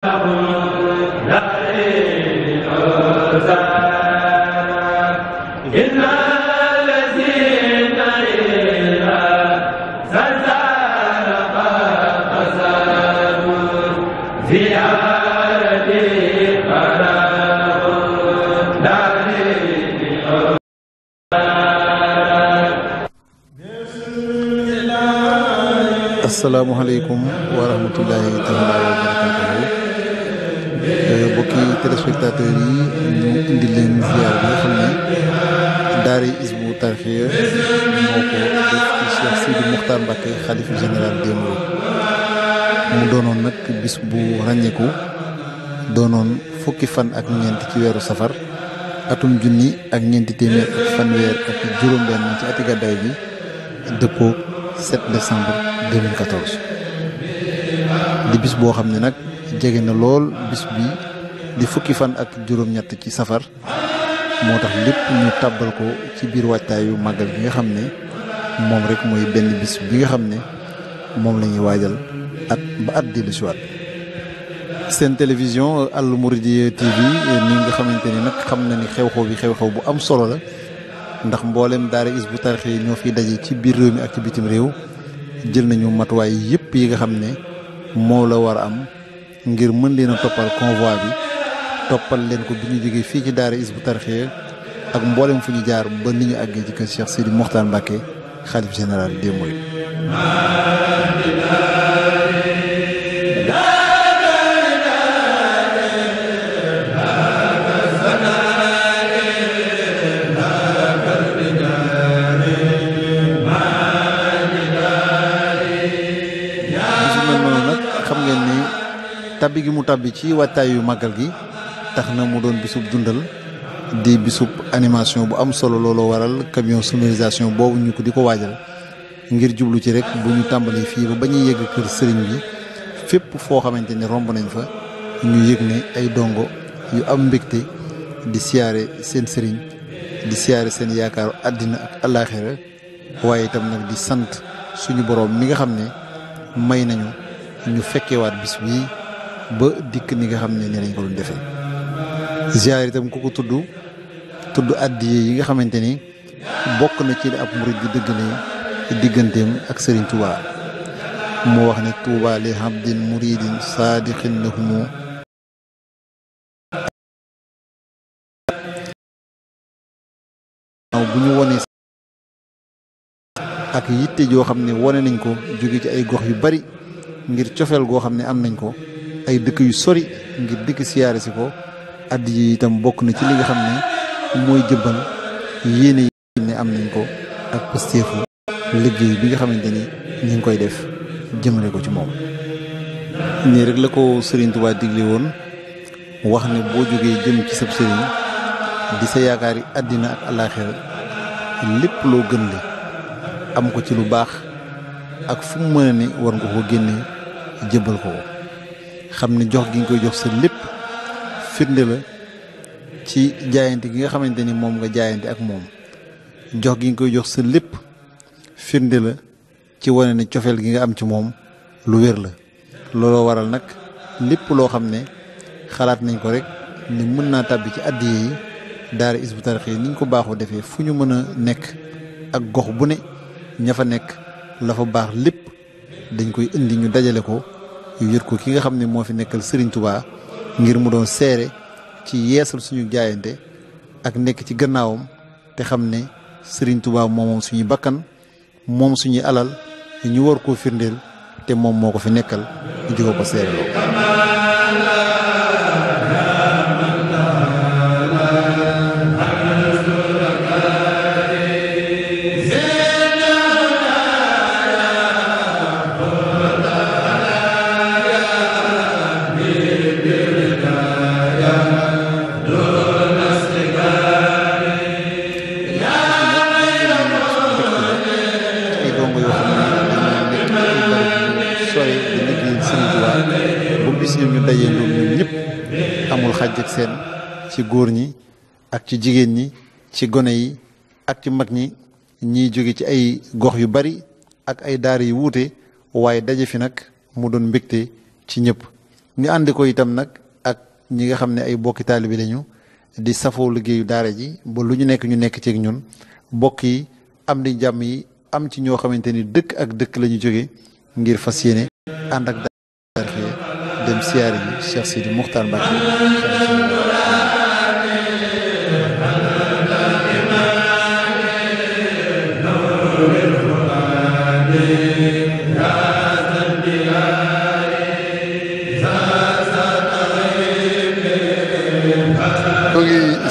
asalaamaaleykum wa rahmatullahi taala wa barakatuhu mbokki téléspectateurs yi ñu indi leen ziar bi ne daara Hizbut Tarqiyyah moo ko def Cheikh Sidi Mokhtar général des mu doonoon nag bis bu ràññeeku doonoon fukki fan ak ñeent ci weeru safar atum junni ak ñeenti téeméer ak fanweer ak juróom-benn ci ati gàddaay bi dëppoo 7 décembre di bis boo xam ne nag jege na lool bis bi di fukki fan ak juróom-ñett ci safar moo tax lépp ñu tàbbal ko ci biir waajtaayu màggal bi nga xam ne moom rek mooy benn bis bi nga xam ne moom la waajal at ba seen télévision Al Mouridiyyah TV ni nga xamante ni xam na ni xew-xew bi xew-xew bu am solo la ndax mboolem daara is bu tarix ñoo fiy daje ci biir réew mi ak ci bitim réew jël nañu matuwaay yépp yi nga xam ne moo la war a am ngir mën leen a toppal convoi bi toppal leen ko bi ñu jógee fii ci daara bu Tarqiyyah ak mboolem fu ñu jaar ba ni ñu àggee ci kër Cheikh Sidi Mokhtar Mbacké xalif général des Mourides tabbi gi mu tabbi ci wattaay yu màggal gi tax na mu doon bisub dundal di bisub animation bu am solo looloo waral camion sonorisation boobu ñu ko di ko waajal ngir jublu ci rek bu ñu tàmbalee fii ba ba ñuy yëg kër sëriñ bi fépp foo xamante ni romb nañ fa ñu yëg ne ay dongo yu am mbégte di siyaare seen sëriñ di siyaare seen yaakaaru àddina ak àllaaxira waaye itam nag di sant suñu boroom mi nga xam ne may nañu ñu fekkewaat bis bii ba dikk ni nga xam ne ni lañ ko doon defee ziyaar tam ku ko tudd tudd addiye yi nga xamante ni bokk na ci li ab murid di dëggale digganteem ak Sëriñ Tuubaa moo wax ne Tuubaa li habdin muridin saadiqin lahumu bu ñu wonee ak yitte yoo xam ne wone nañ ko jóge ci ay gox yu bari ngir cofeel goo xam ne am nañ ko ay dëkk yu sori ngir dikk siyaare si ko add yi itam bokk na ci li nga xam ne mooy jëbbal yéene yi am nañ ko ak pastéefu liggéey bi nga xamante ni ñu ngi koy def jëmale ko ci moom nii rek la ko Sëriñ Tuubaa digle woon wax ne boo jógee jëm ci sab sëriñ di sa yaakaar yi àddina ak àllaaxira lépp loo gën li am ko ci lu baax ak fu mu mën a ne war nga ko génne jëbbal ko ko xam ne jox gi nga koy jox sa lépp firnde la ci jaayante gi nga xamante ni moom nga jaayante ak moom jox gi nga koy jox sa lépp firnde la ci wane ne cofeel gi nga am ci moom lu wér la looloo waral nag lépp loo xam ne xalaat nañ ko rek ni mën naa tàbbi ci àddiya yi daara Hizbut Tarqiyyah ni ñu ko baaxoo defee fu ñu mën a nekk ak gox bu ne ña fa nekk la fa baax lépp dañ koy indi ñu dajale ko yu yër ko ki nga xam ne moo fi nekkal Serigne Touba ngir mu doon seere ci yeesal suñu jaayante ak nekk ci gannaawam te xam ne Sëriñ Tuubaa moomoom suñu bakkan moom suñu alal ñu war koo firndeel te moom moo ko fi nekkal ñu jóge ko seere loo góor ñi ak ci jigéen ñi ci gone yi ak ci mag ñi ñiy jóge ci ay gox yu bari ak ay daara yu wuute waaye daje fi nag mu doon mbégte ci ñëpp ñu ànd ko itam nag ak ñi nga xam ne ay bokki taalibe lañu di safoo liggéeyu daara ji ba lu ñu nekk ñu nekk ceeg ñun bokk yi am di jàmm yi am ci ñoo xamante ni dëkk ak dëkk la jóge ngir fas yéene ànd ak daara dem siyaare yi Cheikh Sidi Muxtaar Mbàkke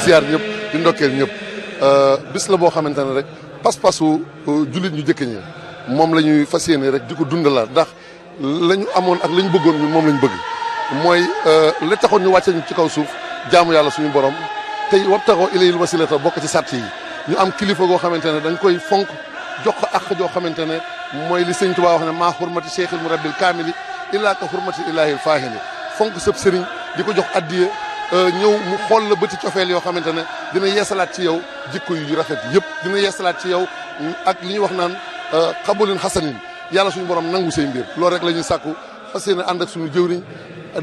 siyaar ñëpp di ndokkeel ñëpp euh, bis la boo xamante ne rek pas-pasu euh, jullit ñu jëkk ñi moom la ñuy fas yéene rek di ko dundalaat ndax la amoon ak la ñu bëggoon ñun moom la ñu bëgg mooy euh, li taxoon ñu wàccee ñu ci kaw suuf jaamu yàlla suñu borom tey wabtaxoo ilayil wasilata bokk ci sàtt yi ñu am kilifa goo xamante ne dañ koy fonk jox ko ak joo xamante ne mooy li sëñ Tuubaa wax ne maa xurmati cheikhil murabbil kaamili illaa ka xurmati ilaahil faahili fonk sëb di ko jox addiye Euh, ñëw mu xool la bëti cofeel yoo xamante ne dina yeesalaat ci yow jikko yu rafet yëpp dina yeesalaat ci yow mm, ak li ñuy wax naan euh, xabulin xasanin yàlla suñu borom nangu say mbir loolu rek la ñuy sàkku fas yéene ànd ak suñu jëwriñ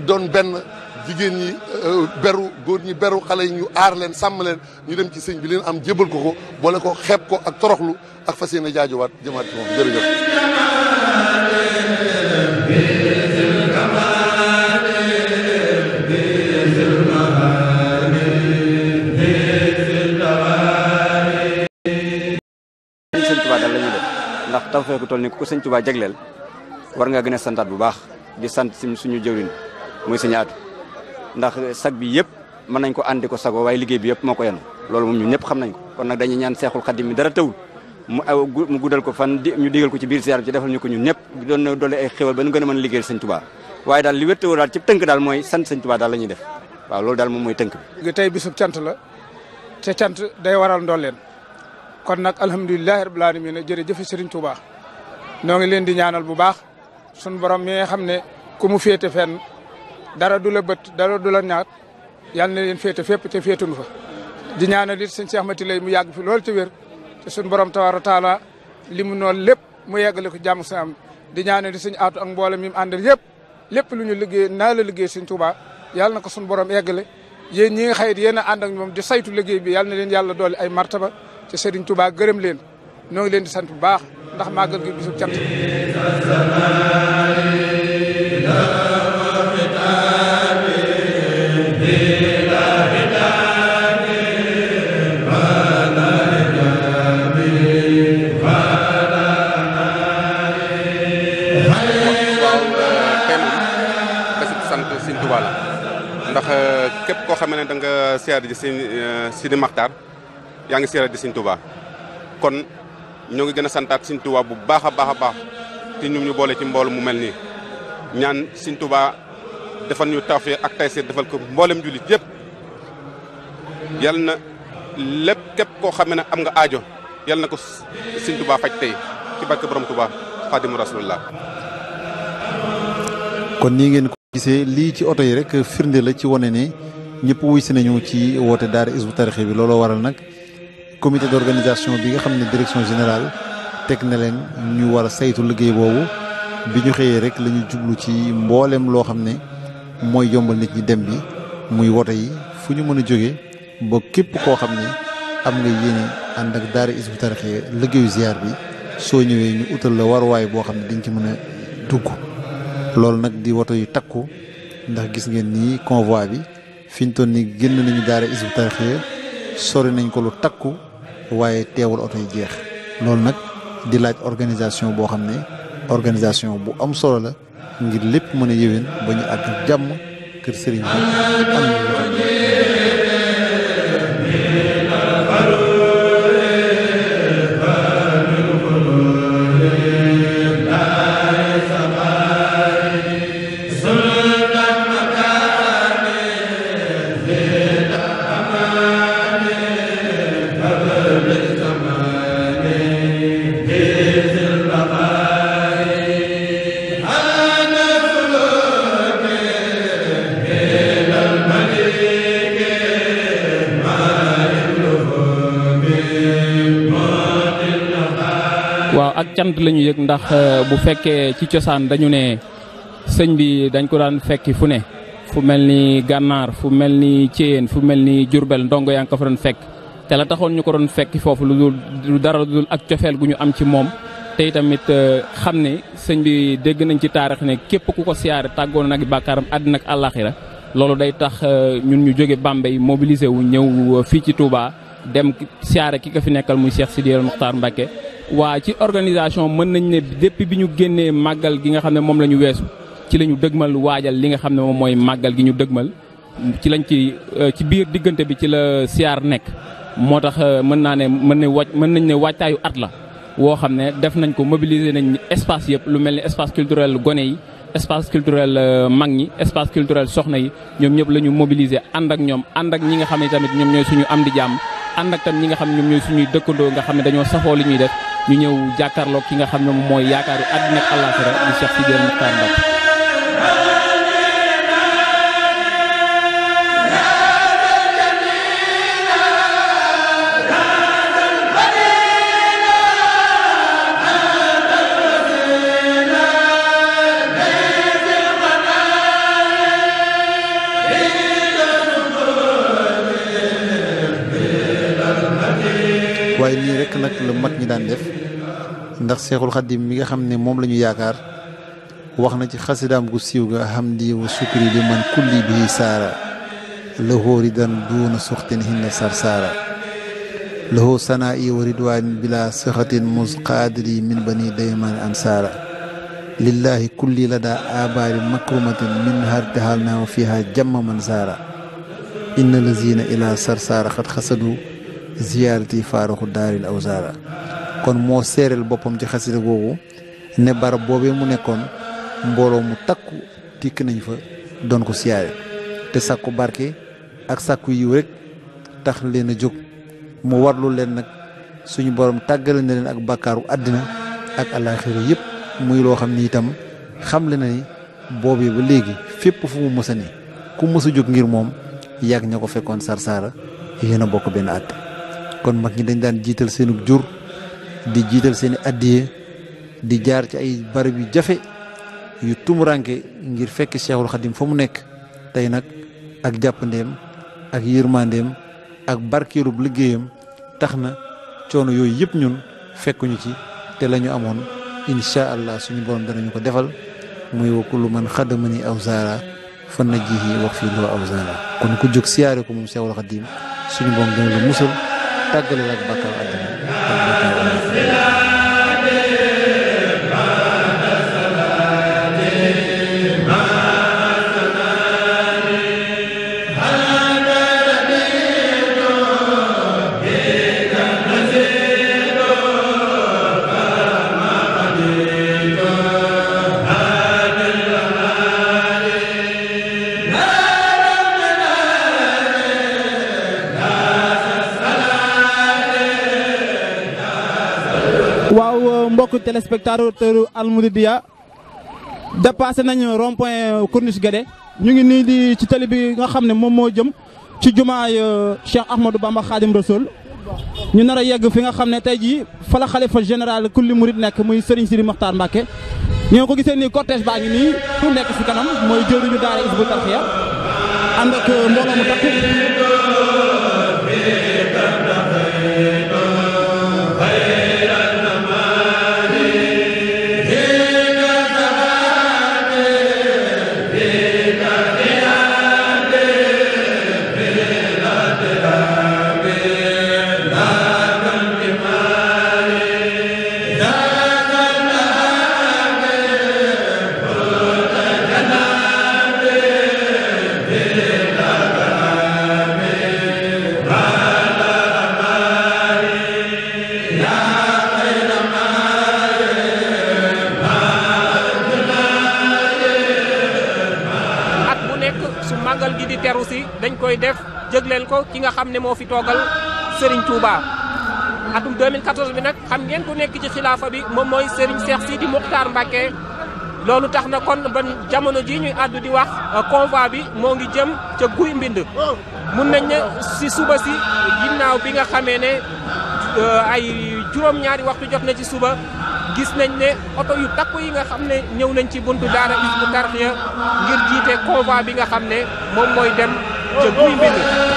doon benn jigéen ñi euh, beru góor ñi beru xale yi ñu aar leen sàmm leen ñu dem ci sëñ bi leen am jébal ko ko boole ko xeeb ko ak toroxlu ak fa fas yéene jaajowaat jëmaat ci moom jërëjëf ndax tawfeex gu toll ni ko sëñ Tuubaa jagleel war nga gën a santaat bu baax di sant suñu jëwriñ muy sëñ Aatu ndax sag bi yëpp mën nañ ko àndi ko sago waaye liggéey bi yëpp moo ko yenn loolu moom ñun ñëpp xam nañ ko kon nag dañuy ñaan seexul xadim mi dara tawul mu guddal ko fan ñu digal ko ci biir ziar bi ci defal ñu ko ñun ñëpp doon na doole ay xéwal ba nu gën a mën liggéeyal sëñ Tuubaa waaye daal li wér te wóor daal ci tënk daal mooy sant sëñ kon nag alhamdulilahi rabbil alamin jërëjëf Serigne Touba noo ngi leen di ñaanal bu baax sun borom mi nga xam ne ku mu féete fenn dara du la bët dara du la ñaat yàlla na leen féete fépp te féetunu fa. di ñaanal it sëñ ma ti lay mu yàgg fi lool te wér te sunu borom tabaaraka taala li mu noonu lépp mu yeggale ko jàmm sa am di ñaanal di sëñ aatu ak mboolem mi mu àndal yëpp lépp lu ñu liggéey naa la liggéey sëñ Touba yàlla na ko sunu borom yeggale yéen ñi nga xayit yéen ànd ak moom di saytu liggéey bi yàlla na leen yàlla doole ay martaba ci Serigne Touba gërëm leen ñoo leen di sant bu baax ndax màggal gi bisub cant ndax euh, képp koo xam ne da nga seer ji si euh, si di maxtaar yaa ngi seera di Sëñ tubaa kon ñoo ngi gën a santaat Sëñ tubaa bu baax a baax a baax te ñum ñu boole ci mboolu mu mel nii ñaan Sëñ tubaa defal ñu tawfeex ak tayseer defal ko mboolem jullit yëpp yal na lépp képp koo xam ne am nga ajo yal na ko Sëñ Tuubaa faj tey ci barke borom Tuubaa Xaadimu Rasulullah kon nii ngeen ko gisee lii ci oto yi rek firnde la ci wone ne ñëpp wuy si nañu ci woote daara Hizbut Tarqiyyah bi looloo waral nag comité d'organisation bi nga xam ne direction générale teg na leen ñu war a saytu liggéey boobu bi ñu xëyee rek la ñu jublu ci mbooleem loo xam ne mooy jombal nit ñi dem bi muy woto yi fu ñu mën a jógee ba képp koo xam ne am nga yéene ànd ak daara Hizbut Tarqiyyah liggéeyu ziar bi soo ñëwee ñu utal la waruwaay boo xam ne dañ ci mën a dugg loolu nag di woto yu takku ndax gis ngeen nii convoi bi fi ñu toll nii génn nañu daara Hizbut Tarqiyyah sori nañ ko lu takku waaye teewul oto yi jeex loolu nag di laaj organisation boo xam ne organisation bu am solo la ngir lépp mën a yéwén ba ñu àgg jàmm kër sëriñ bi am waaw ak cant la ñu yëg ndax euh, bu fekkee ci cosaan dañu ne sëñ bi dañ ko daan fekki fu ne fu mel ni gànnaar fu mel ni Thièyeen fu mel ni Jurbel ndongo yaa ngi ko fa doon fekk te la taxoon ñu ko doon fekki foofu lu dul lu dara lu dul ak cofeel gu ñu am ci moom tey tamit euh, xam ne sëñ bi dégg nañ ci taarix ne képp ku ko siyaare tàggoon nag bàkkaaram àddina ak àllaaxira loolu day tax euh, ñun ñu jóge Bambey mobilisé wu ñëw fii ci tuubaa dem siyaare ki ko fi nekkal muy Cheikh Sidy waa ci organisation mën nañ ne depuis bi ñu génnee màggal gi nga xam ne moom la ñu weesu ci la ñu dëgmal waajal li nga xam ne moom mooy màggal gi ñu dëgmal ci lañ ci euh, ci biir diggante bi ci la siyaar nekk moo tax euh, mën naa ne mën ne wàcc mën nañ ne waajtaayu at la woo xam ne def nañ ko mobiliser nañ espace yëpp lu mel ni espace culturel gone yi espace culturel euh, mag ñi espace culturel soxna yi ñoom ñëpp la ñu mobiliser ànd ak ñoom ànd ak ñi nga xam ne tamit ñoom ñooy suñu am di jàmm ànd ak ñi nga xam ñoom ñooy suñuy dëkkandoo nga xam ne dañoo safoo li ñuy def ñu ñëw jàkkaarloog ki nga xam ne mooy yaakaaru àddina ak àllaaxira di Cheikh Sidy Mokhtar Mbacké ndax seexul xaddim mi nga xam ne moom la yaakaar wax na ci xasidaam gu siiw ga hamdi wa sukri li man kulli bihi saara lahoo ridan duuna suxtin hinna sar saara lahoo wa ridwaanin bila sëxatin mus qaadiri min bani daymaan ansaara lillahi kulli la abaari makrumatin min hartahal naa wa fiha jamma man saara inna lazina ila sar saara xasadu ziyaarati faaruxu daarin aw saara kon moo séeréel boppam ci xasida boobu ne barab boobee mu nekkoon mbooloo mu takku tikk nañ fa doon ko siyaare te sàkku barke ak sàkku yiw rek tax leen a jóg mu warlu leen nag suñu borom tàggale na leen ak bàkkaaru àddina ak alaaxira yëpp muy loo xam ni itam xamle na ni boobee ba léegi fépp fu mu mësa a ne ku mës jóg ngir moom yàgg ña ko fekkoon sarsaara yéen a bokk benn àtt kon mag ñi dañ daan jiital seenub jur di jiital seeni addiye di jaar ci ay barab yu jafe yu tumuranke ngir fekk Seexul Xadim fa mu nekk tey nag ak jàppandeem ak yërmandeem ak barkeelub liggéeyam tax na coono yooyu yëpp ñun fekkuñu ci te lañu amoon incha allah suñu borom danañu ko defal muy wa kullu man xadamani aw zaara fa najjihi wax fii loo aw zaara kon ku jóg siyaare ko moom Seexul Xadim suñu borom dana la musal tàggale ak bàkkaar àddina لا téléspectateur Almouridiyyah dépassé nañu rond-point Corniche Guédé ñu ngi nii di ci tali bi nga xam ne moom moo jëm ci jumaa jumaay euh, Cheikh Ahmadou Bamba Khadim Rasoul ñu nar a yegg fi nga xam ne tey jii fa la xalifa général kulli murid nekk muy Serigne Sidi Mokhtar Mbacke ñu ngi ko gisee nii cortège baa ngi nii ku nekk si kanam mooy jëwriñu daara Hizbut Tarqiyyah ànd ak euh, mbooloo mu takku jëgleel ko ki nga xam ne moo fi toogal Serigne Touba atum 2014 bi nag xam ngeen ku nekk ci xilaafa bi moom mooy Serigne Cheikh Sidi Mokhtar Mbacké loolu tax na kon ban jamono jii ñuy àddu di wax euh, convoi bi moo ngi jëm ca guy mbind mun nañ ne si suba si ginnaaw bi nga xamee ne euh, ay juróom-ñaari waxtu jot na ci suba gis nañ ne oto yu takku yi nga xam ne ñëw nañ ci buntu daara Hizbut Tarqiyyah ngir jiite convoi bi nga xam ne moom mooy dem John Quimby.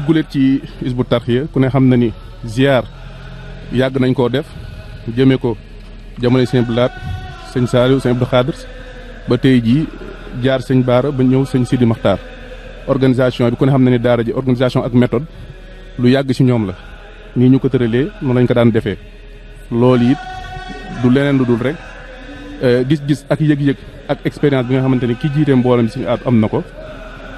dugguleet ci Hizbut Tarqiyyah ku ne xam na ni ziar yàgg nañ koo def jëmee ko jamonoy sëñ Blaat sëñ Saliou sëñ Abdou ba tey jii jaar sëñ Baara ba ñëw sëñ Sidi Maxtaar organisation bi ku ne xam na ni daara ji organisation ak méthode lu yàgg ci ñoom la nii ñu ko tëralee noonu lañ ko daan defee loolu it du leneen lu dul rek eh, gis-gis ak yëg-yëg ak expérience bi nga xamante ni ki jiite mboolem si at am na ko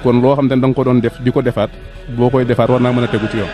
kon loo xam ne da ko doon def di ko defaat boo koy defaat war naa mën a tegu ci yoon.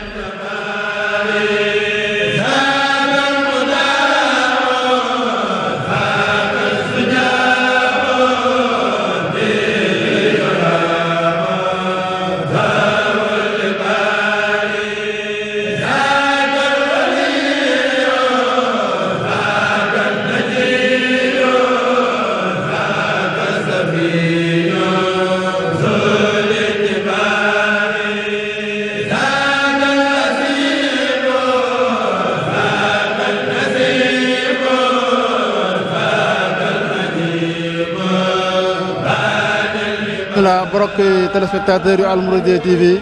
mbokk yi téléspectateurs yu Almouridiyyah TV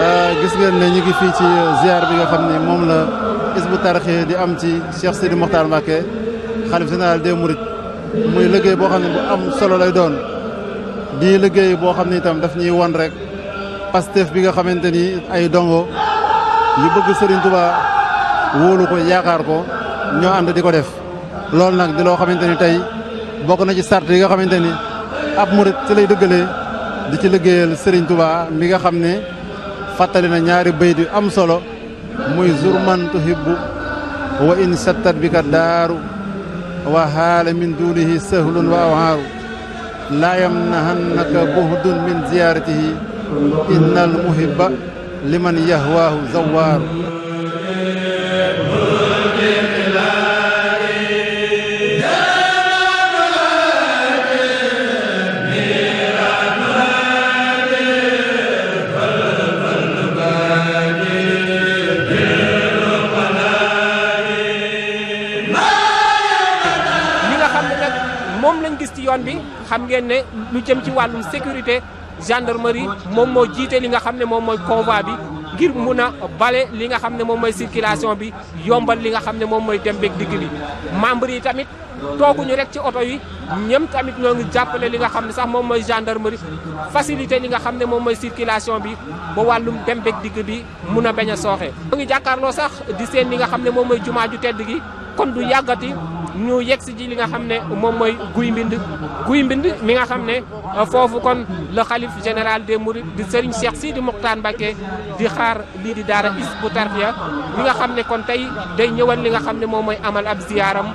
euh, gis ngeen ne ñu ngi fii ci euh, ziar bi nga xam ne moom la Hizbut Tarqiyyah di am ci Cheikh Sidi Mokhtar Mbacké xalif général des Mourides muy liggéey boo xam ne bu am solo lay doon di liggéey boo xam ne itam daf ñuy won rek Pastef bi nga xamante ni ay dongo yu bëgg Serigne Touba wóolu ko yaakaar ko ñoo ànd di ko def loolu nag di loo xamante ni tey bokk na ci sart yi nga xamante ni ab murit ci lay dëggalee di ci liggéeyal Serigne Touba mi nga xam ne fàttali na ñaari bayt yu am solo muy zurman tuhibbu wa in sattat bi ka daaru wa haala min duunihi sahlun wa awhaaru laa yamnahannaka buhdun min ziyaaratihi inna al muhibba liman yahwaahu zawaaru xam ngeen ne lu jëm ci wàllum sécurité gendarmerie moom moo jiite li nga xam ne moom mooy convoi bi ngir mun a bale li nga xam ne moom mooy circulation bi yombal li nga xam ne moom mooy dem digg bi membre yi tamit tooguñu rekk ci oto yi ñëm tamit ñoo ngi jàppale li nga xam ne sax moom mooy gendarmerie facilité li nga xam ne moom mooy circulation bi ba wàllum dem digg bi mun a bañ a sooxe. ñoo ngi jàkkaarloo sax di seen li nga xam ne moom mooy jumaa ju tedd gi kon du yàggati. ñu yegg si ji li nga xam ne moom mooy guy mbind guy mbind mi nga xam ne euh, foofu kon le xalif général des mourides di Serigne si di Mokhtar Mbacké di xaar lii di daara Hizbut Tarqiyyah mi nga xam ne kon tey day ñëwal li nga xam ne moom mooy amal ab ziyaaram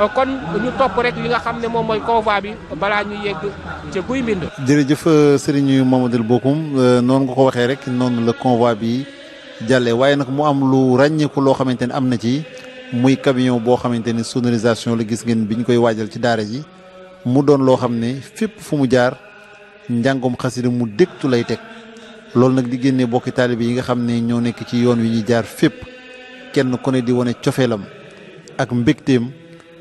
euh, kon ñu topp rek li nga xam ne moom mooy convoi bi balaa ñu yegg ca guy mbind jërëjëf euh, Serigne Mamadou Bokoum noonu nga ko waxee rek noonu la convoi bi jàllee waaye nag mu am lu ràññeeku loo xamante ne am na ci muy camion boo xamante ne sonorisation la gis ngeen bi ñu koy waajal ci daara ji mu doon loo xam ne fépp fu mu jaar njàngum xasida mu dégtu lay teg loolu nag di génnee bokki taalibe yi nga xam ne ñoo nekk ci yoon wi ñuy jaar fépp kenn ku ne di wane cofeelam ak mbégteem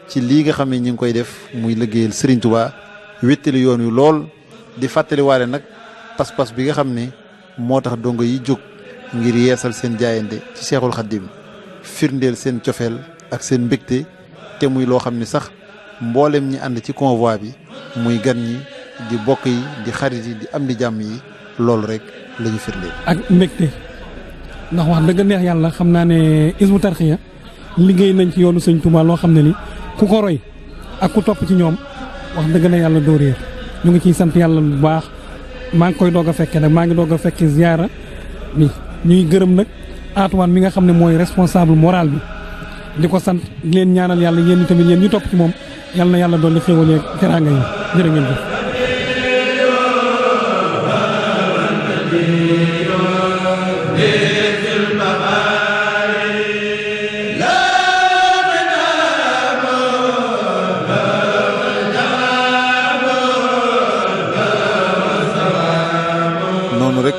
ci lii nga xam ne ñu ngi koy def muy liggéeyal Serigne Touba wéttali yoon wi lool di fàttaliwaale nag pas-pas bi nga xam ne moo tax dongo yi jóg ngir yeesal seen jaayante ci Seexul Xaddim firndeel seen cofeel ak seen mbégte te muy loo xam ni sax mbooleem ñi ànd ci convoi bi muy gan ñi di bokk yi di xarit yi di am di jàmm yi loolu rek la ñu firndeel. ak mbégte ndax wax dëgg neex yàlla xam naa ne Hizbut Tarqiyyah liggéey nañ ci yoonu sëñ Touba loo xam ne ni ku ko roy ak ku topp ci ñoom wax dëgg na yàlla doo réer ñu ngi ciy sant yàlla lu baax maa ngi koy doog a fekkee nag maa ngi doog a fekkee ziyaara bi ñuy gërëm nag. Antoine mi nga xam ne mooy responsable moral bi di ko sant di leen ñaanal yàlla yéen tamit yéen ñu topp ci moom yàlla na yàlla doon xéewal yeeg teraanga yi jërë ngeen jëf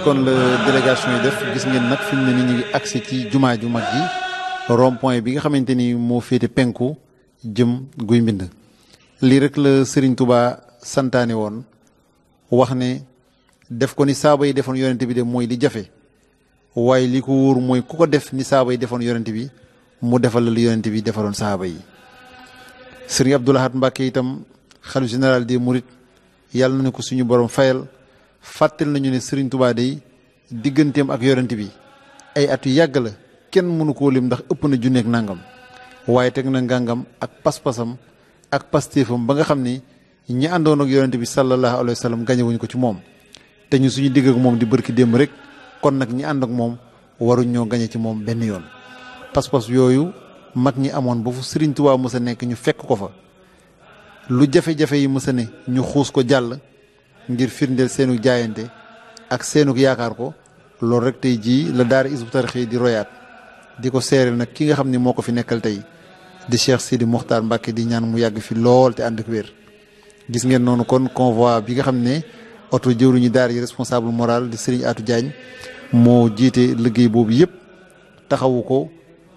kon la délégation yi def gis ngeen nag fi mu ni ñu ci jumaa ju mag ji rond bi nga xamante ni moo féete penku jëm guy mbind lii rek la Serigne Touba santaane woon wax ne def ko ni saaba yi defoon yonent bi de mooy li jafe waaye li ko wóor mooy ku ko def ni saaba yi defoon yonent bi mu defal la lu yonent bi defaloon saaba yi Serigne Abdoul Ahad itam xalifa général des Mourides yàlla na ko suñu borom fayal fàttali nañu ne Serigne Touba day digganteem ak yorante bi ay at yu yàgg la kenn mënu koo lim ndax ëpp na junneeg nangam waaye teg na ngàngam ak pas-pasam ak pastéefam ba nga xam ni ñi àndoon ak yorante bi sallallahu alayhi wa sallam gañewuñ ko ci moom te ñu suñu digg ak moom di bërki démb rek kon nag ñi ànd ak moom waruñ ñoo gañe ci moom benn yoon pas-pas yooyu mag ñi amoon ba fu Serigne Touba mës nekk ñu fekk ko fa lu jafe-jafe yi mës ne ñu xuus ko jàll ngir firndeel seenu jaayante ak seenu yaakaar ko loolu rek tey jii la daara Hizbut Tarqiyyah di royaat di ko seereel nag ki nga xam ne moo ko fi nekkal tey di Cheikh Sidi Mokhtar Mbacke di ñaan mu yàgg fi lool te ànd ak wér gis ngeen noonu kon convoi bi nga xam ne oto jëwriñu daara yi responsable moral di Serigne Atou Diagne moo jiite liggéey boobu yëpp taxawu ko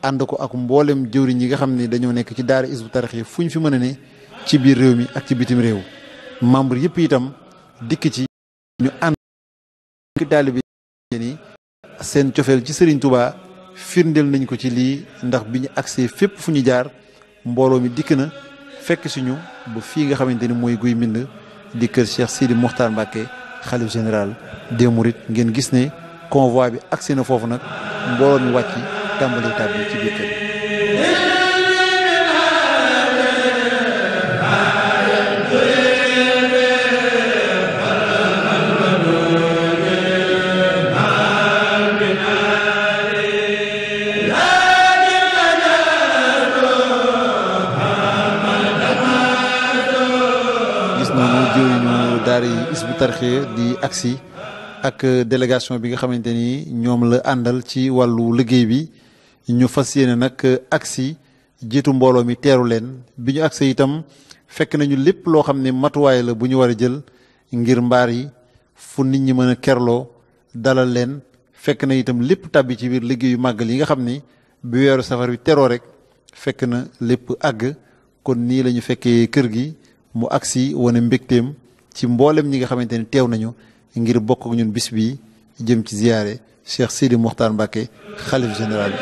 ànd ko ak mboolem jëwriñ yi nga xam ne dañoo nekk ci daara Hizbut Tarqiyyah fu ñu fi mën a ne ci biir réew mi ak ci bitim réew membre yëpp itam. dikk ci ñu ànd taalibe ni seen cofeel ci Serigne Touba firndeel nañ ko ci lii ndax bi ñu agsee fépp fu ñu jaar mbooloo mi dikk na fekk suñu ba fi nga xamante ni mooy guy mbind di kër si Sidi Mokhtar Mbacke xalif général des ngeen gis ne convoi bi agsi na foofu nag mbooloo mi wàcc tàmbali tàbbi ci biir kër Hizbut-Tarqiyyah di agsi ak euh, délégation bi nga xamante ni ñoom la àndal ci wàllu liggéey bi ñu fas yéene nag euh, agsi jiitu mbooloo mi teeru leen bi ñu agsi itam fekk nañu lépp loo xam ne matuwaay la bu ñu war a jël ngir mbaar yi fu nit ñi mën a kerloo dalal leen fekk na itam lépp tàbbi ci biir liggéeyu màggal yi nga xam ni bi weeru safar bi teroo rek fekk na lépp àgg kon nii lañu fekkee kër gi mu agsi wane mbégteem ci mboolem ñi nga xamante ni teew nañu ngir bokk ak ñun bis bii jëm ci ziyaare Cheikh Sidi Mokhtar Mbacké xalif général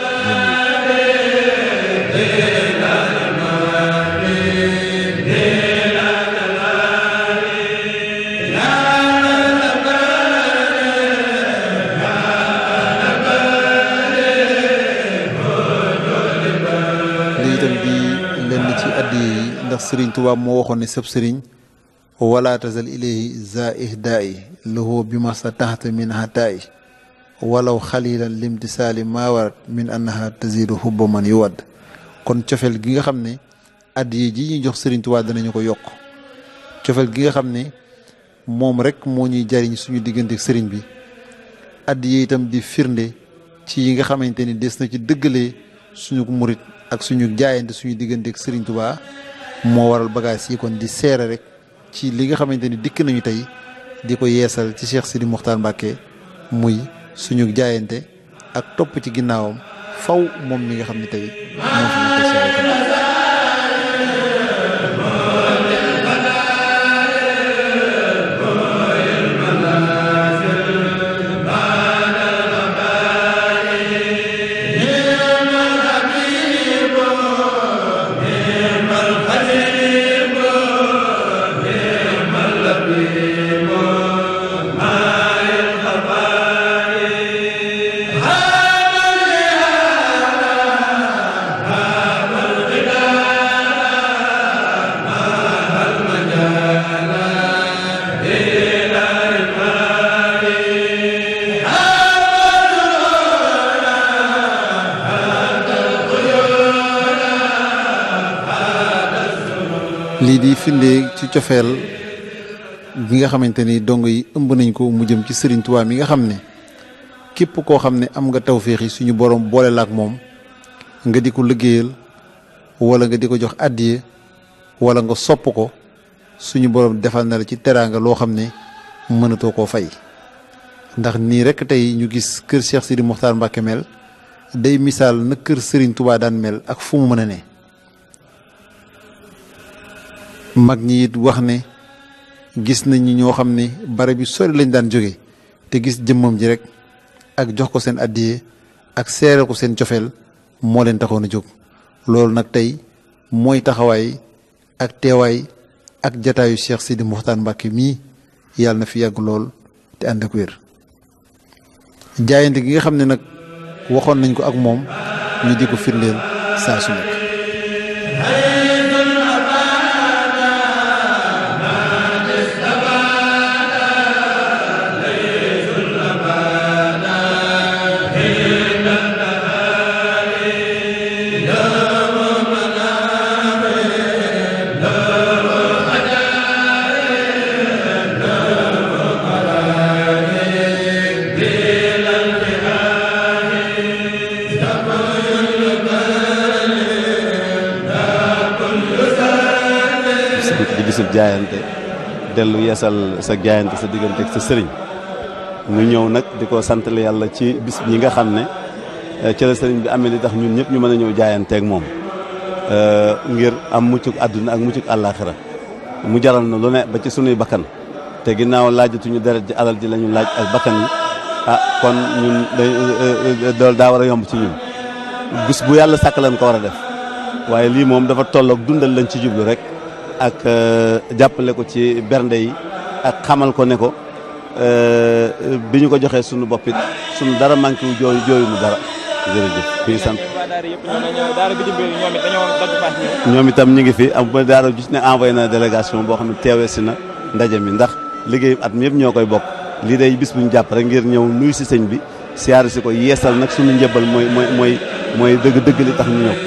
lii itam bi lenn ci addi yi ndax Serigne Touba moo waxoon ne sëb Serigne wala tazal ilayhi za ihdaayi lahu bi ma sa taxta min hataayi walaw xalilan limtisaali maa warat min annaha tazidu hubba man yu wadd kon cofel gi nga xam ne addiye ji ñuy jox Sëriñ Tuubaa danañu ko yokk cofel gi nga xam ne moom rek moo ñuy jariñ suñu diggante sëriñ bi yi itam di firnde ci yi nga xamante ni des na ci dëggalee suñu murit ak suñu jaayante suñu diggante ak Sëriñ Tuubaa moo waral bagage yi kon di seere rek ci li nga xamante ni dikk nañu tey di ko yeesal ci Cheikh Sidi Mokhtar Mbacke muy suñu jaayante ak topp ci ginnaawam faw moom mi nga xam ni tey ciy ci cofeel bi nga xamante ni dongo yi ëmb nañ ko mu jëm ci Sëriñ Tuubaa mi nga xam ne képp koo xam ne am nga tawféex yi suñu borom boole la ak moom nga di ko liggéeyal wala nga di ko jox addiye wala nga sopp ko suñu borom defal na la ci teraanga loo xam ne mënatoo koo fay. ndax nii rek tey ñu gis kër Cheikh Sidi Mokhtar Mbacke mel day misaal na kër Serigne tubaa daan mel ak fu mu mën a ne. mag ñi it wax ne gis nañu ñoo xam ne barab yu sori lañ daan jóge te gis jëmmam ji rek ak jox ko seen addiye ak seere ko seen cofeel moo leen taxoon a jóg loolu nag tey mooy taxawaay ak teewaay ak jataayu Cheikh Sidi Muxtaar Mbàkke mii yàlla na fi yàgg lool te ànd ak wér jaayante gi nga xam ne nag waxoon nañ ko ak moom ñu di ko firndeel saa su jaayante dellu yeesal sa jaayante sa diggante sa sëriñ ñu ñëw nag di ko santale yàlla ci bis yi nga xam ne eh, ci la sëriñ bi amee li tax ñun ñëpp ñu mën a ñëw jaayanteeg moom eh, ngir am muccuk àdduna ak muccuk àllaaxira mu jaral na lu ne ba ci sunuy bakkan te ginnaaw laajatuñu deret ji alal ji la laaj ak bakkan yi ah kon ñun day eh, daa war a yomb ci ñun bis bu yàlla sàkk lañ ko war a def waaye lii moom dafa tolloog dundal lañ ci jublu rek ak euh, jàppale ko ci bernde yi ak xamal ko ne ko euh, bi ñu ko joxee sunu bopp it sunu dara manqué wu jooy jooyu mu dara jërëjëf kuy sant ñoom itam ñu ngi fi am ba daara gis ne envoyé na délégation boo xam ne teewe si na ndaje mi ndax liggéey at mi yëpp ñoo koy bokk lii day bis bu ñu jàpp ngir ñëw nuyu si sëñ bi siyaar si ko yeesal nag sunu njëbal mooy mooy mooy mooy dëgg dëgg li tax ñu ñëw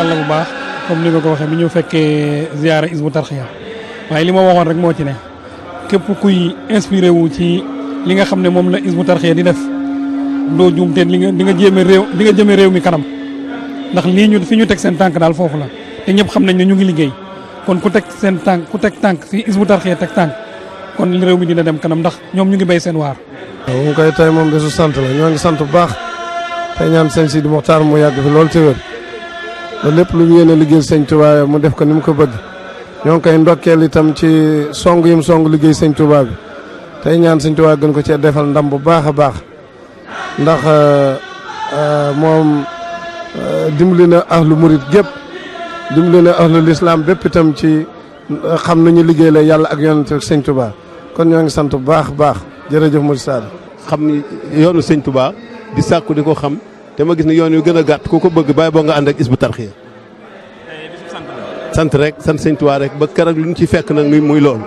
yàlla bu baax comme ni nga ko waxee bi ñu fekkee ziyaara Hizbut waaye li ma waxoon rek moo ci ne képp kuy inspiré wu ci li nga xam ne moom la Hizbut Tarqiyyah di def doo juum te di nga di nga réew di nga jëme réew mi kanam ndax lii ñu fi ñu teg seen tànk daal foofu la te ñëpp xam nañ ne ñu ngi liggéey kon ku teg seen tànk ku teg tànk fi Hizbut Tarqiyyah teg tànk kon réew mi dina dem kanam ndax ñoom ñu ngi béy seen waar. waaw moom kay tey moom bésu sant la ñoo ngi sant baax lépp lu ñu yéene liggéey sëñ Touba mu def ko ni mu ko bëgg ñoo ngi koy ndokkeel itam ci song yim song liggéey sëñ tubaa bi tey ñaan sëñ Touba gën ko cee defal ndam bu baax a baax ndax euh, euh, moom euh, dimbali na ahlu murit gépp dimbali na ahlu lislaam bépp itam ci xam nañu liggéey la yàlla ak yonent ak sëñ Touba kon ñoo ngi sant bu baax a baax jërëjëf Mourid Sarr xam ni yoonu sëñ Touba di sàkku di ko xam te ma gis ne yoon yu gën a gàtt koo ko bëgg bàyyi boo nga ànd ak Hizbut Tarqiyyah sant rek sant sëñ Tuubaa rek ba keroog lu ñu ci fekk nag muy muy loolu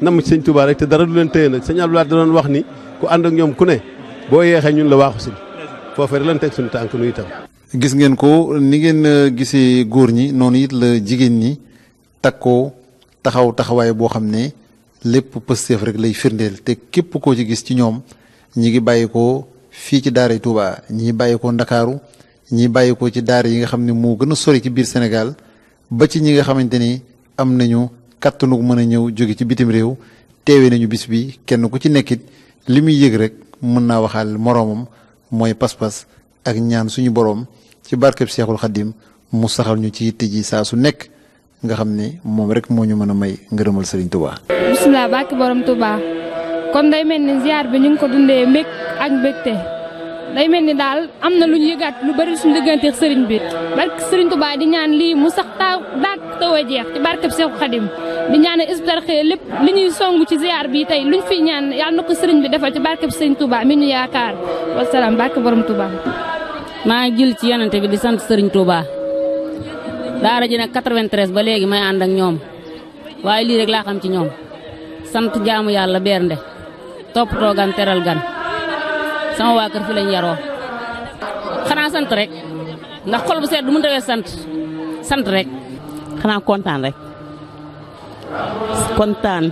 nam ci sëñ Tuubaa rek te dara du leen téye nag sëñ Abdou Lahad da doon wax ni ku ànd ak ñoom ku ne boo yeexee ñun la waaxu si foofee rek lan teg suñu tànk nuy tam gis ngeen ko ni ngeen uh, gisee góor ñi noonu it la jigéen ñi takkoo taxaw taxawaay boo xam ne lépp pësteef rek lay firndeel te képp koo ci gis ci ñoom fii ci daara yi Touba ñii bàyyi ko Ndakaaru ñii bàyyi ci daara yi nga xam ni moo gën a sori ci biir Sénégal ba ci ñi nga xamante ni am nañu kàttanu mën a ñëw jóge ci bitim réew teewe nañu bis bi kenn ku ci nekkit li muy yëg rek mën naa waxaal moroomam mooy pas-pas ak ñaan suñu boroom ci barkeb Seexul Xaddim mu saxal ñu ci yitte ji saa su nekk nga xam ni moom rek moo ñu mën a may ngërëmal Sëriñ Touba. kon day mel ni ziar bi ñu ngi ko dundee mbég ak mbégte day mel ni daal am na lu ñu yëgaat lu bari suñu digganteeg sëriñ bi barke sëriñ Tuubaa di ñaan lii mu sax taw daat taw jeex ci barkeb Seexu Xadim di ñaan isbitarxee lépp li ñuy song ci ziar bi tey luñ fiy ñaan yàlla na ko sëriñ bi defal ci bi sëriñ Tuubaa mi ñu yaakaar wasalaam barke borom Tuubaa maa ngi jël ci yonante bi di sant sëriñ Tuubaa daara ji nag 93 ba léegi may ànd ak ñoom waaye lii rek laa ci ñoom sant jaamu yàlla bernde toppatoo gan teral gan sama waa kër fi lañ yaroo xanaa sant rek ndax xol bu sedd du mënta wees sant sant rek xanaa kontaan rek kontaan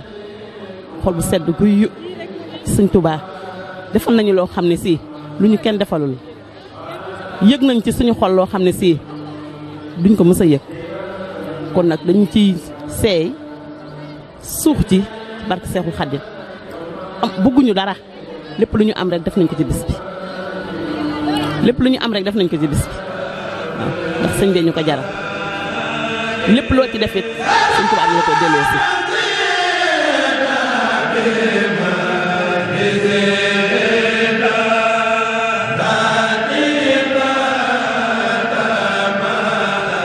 xol bu sedd guy sëñ tubaa defal nañu loo xam ne si lu ñu kenn defalul yëg nañ ci suñu xol loo xam ne sii duñ ko mës a yëg kon nag dañu ciy seey suux ci barke Seexul Xaadim am bëgguñu dara lépp lu ñu am rek def nañ ko ci bis bi lépp lu am rek def nañ ko ci bi waaw ndax sëñ bee ñu ko jaral lépp loo ci def it ko delloo si.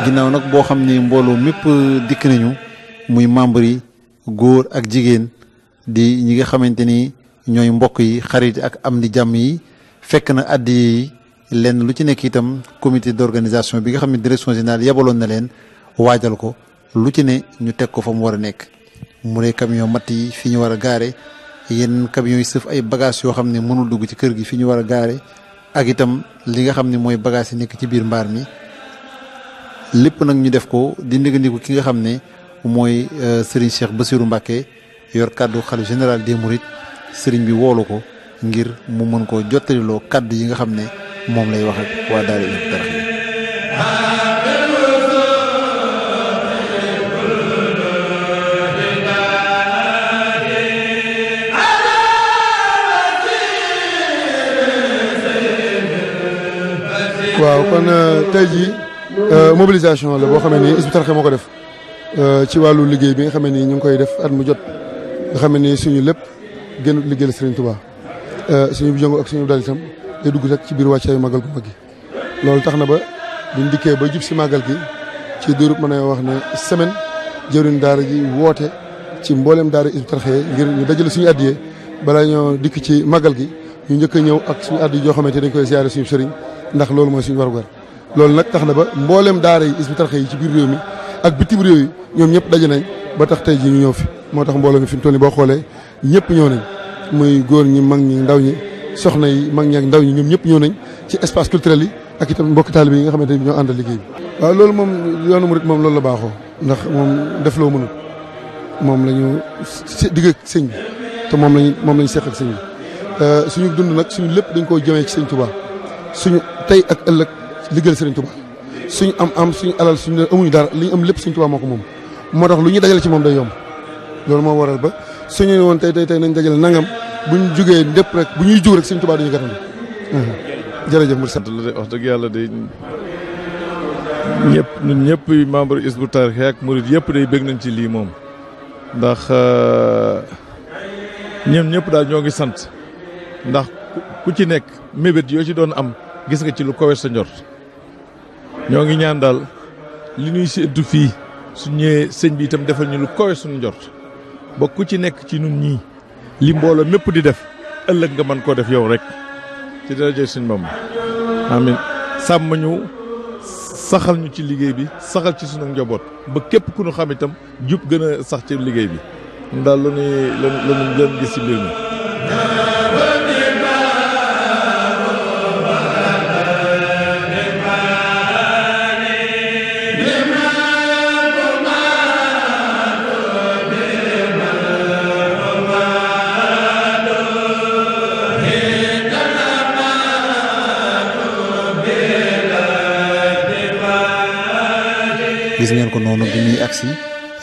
ginnaaw nag boo xam ne mbooloo mépp dikk nañu muy membre yi góor ak jigéen. di ñi nga xamante ni ñooy mbokk yi xarit ak am di jàmm yi fekk na addi yi lenn lu ci nekk itam comité d'organisation bi nga xam ne direction générale yebaloon na leen waajal ko lu ci ne ñu teg ko fa mu war a nekk mu ne camion matt yi fi ñu war a gaare yenn camions yi sëf ay bagages yoo xam ne mënul dugg ci kër gi fi ñu war a gaare ak itam li nga xam ne mooy bagages yi nekk ci biir mbaar mi lépp nag ñu def ko di ndigandiku ki nga xam ne mooy euh, Serigne Cheikh Bassirou Mbacké yor kàddu xalif général des mourides sëriñ bi woolu ko ngir mu mën koo jottaliloo kàddu yi nga xam ne moom lay wax ak waa daara Hizbut Tarqiyyah waaw kon euh, tey jii euh, mobilisation la boo xamee ni Hizbut moo ko def euh, ci wàllu liggéey bi nga xamee ni ñu ngi koy def at mu jot nga xam ne suñu lépp gën liggéeyal Serigne Touba euh, suñu jongo ak suñu dal itam day dugg rek ci biir wàccaayu màggal gu mag gi loolu tax na ba buñ dikkee ba jub si màggal gi ci diirub mën a wax ne semaine jëwriñ daara ji woote ci mboolem daara Hizbut Tarqiyyah ngir ñu dajale suñu addiyee balaa ñoo dikk ci màggal gi ñu njëkk ñëw ak suñu addi joo xamante dañ koy ziare suñu sëriñ ndax loolu mooy suñu warugar loolu nag tax na ba mbooleem daara yi Hizbut yi ci biir réew mi ak bitim réew yi ñoom ñëpp daje nañ ba tax tey ji ñu ñëw fi moo tax mbooloo mi fi mu toll nii boo xoolee ñëpp ñëw nañ muy góor ñi mag ñi ndaw ñi soxna yi mag ñi ak ndaw ñi ñoom ñëpp ñëw nañ ci espace culturel yi ak itam mbokk taalibe yi nga xamante ni ñoo àndal liggéey bi. waaw loolu moom yoonu murit moom loolu la baaxoo ndax moom def loo mënul moom la ñu digg ak sëñ bi te moom la ñu seq ak sëñ bi euh, suñu dund nag suñu lépp dañ koo jëmee ci sëñ Touba suñu tey ak ëllëg liggéeyal sëriñ Touba suñ am am suñ alal suñ amuñu dara li am lépp suñ Tuubaa moo ko moom moo tax lu ñuy dajale ci moom day yomb loolu moo waral ba suñu woon tey tey tey nañ dajale nangam bu ñu jugee ndépp rek bu ñuy jug rek suñ Tuubaa duñu gàttandu jërëjëf mu sant la dëgg yàlla day ñëpp ñëpp membre Hizbut Tarqiyyah ak murid yëpp day bég nañ ci lii moom ndax euh, ñoom ñëpp daal ñoo ngi sant ndax ku ci nekk mébét yoo ci doon am gis nga ci lu kowe sa njort ñoo ngi ñaan daal li ñuy séddu fii su sëñ bi itam defal ñu lu kowe suñu njort ba ku ci nekk ci nun ñii li mbooloo mépp di def ëllëg nga mën koo def yow rek ci daraja sëñ Bamba amin sàmm ñu saxal ñu ci liggéey bi saxal ci sunu njoboot ba képp ku ñu xam itam jub gën a sax ci liggéey bi daal lu ñuy la ñu gis ci mbir mi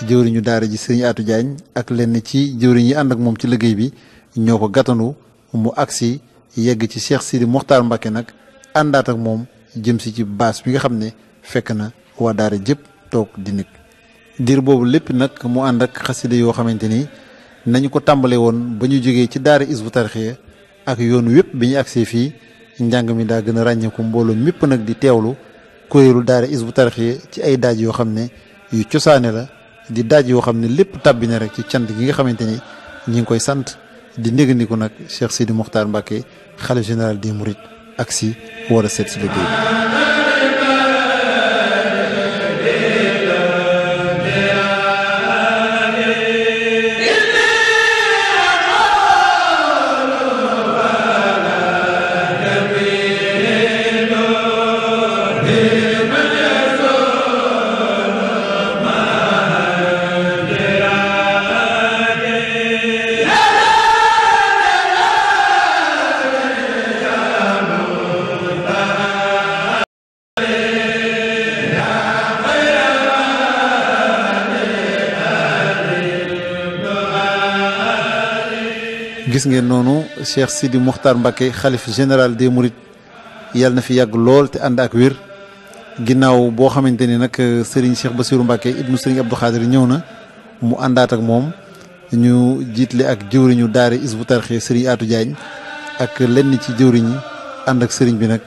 jëwriñu daara ji sëriñ Atou Diagne ak lenn ci jëwriñ yi ànd ak moom ci liggéey bi ñoo ko gàttanu mu agsi yegg ci Cheikh Sidi Mokhtar Mbacké nag àndaat ak moom jëm si ci baas bi nga xam ne fekk na waa daara jëpp toog di nekk diir boobu lépp nag mu ànd ak xasida yoo xamante ni nañu ko tàmbale woon ba ñu jógee ci daara bu Tarqiyyah ak yoon wépp bi ñu agsee fii njàng mi daa gën a ràññeeku mbooloo mépp nag di teewlu kuréelu daara bu Tarqiyyah ci ay daaj yoo xam ne yu cosaane la di daaj yoo xam ne lépp tàbbi na rek ci cant gi nga xamante ni ñi ngi koy sant di négandiku nag Cheikh Sidi Mokhtar Mbacke xale général di Mourides ak si war a seet si liggéey bi ngeen noonu Cheikh Sidi Moukhtar Mbacké xalif général des Mourides yàlla na fi yàgg lool te ànd ak wér ginnaaw boo xamante ni nag euh, Serigne Cheikh Bassirou Mbacké ibnu Serigne Abdou Khadir ñëw na mu àndaat ak moom ñu jiitle ak jëwriñu daare Hizbut Tarqiyyah Serigne Atou Diagne ak lenn ci jëwriñ yi ànd ak Serigne bi nag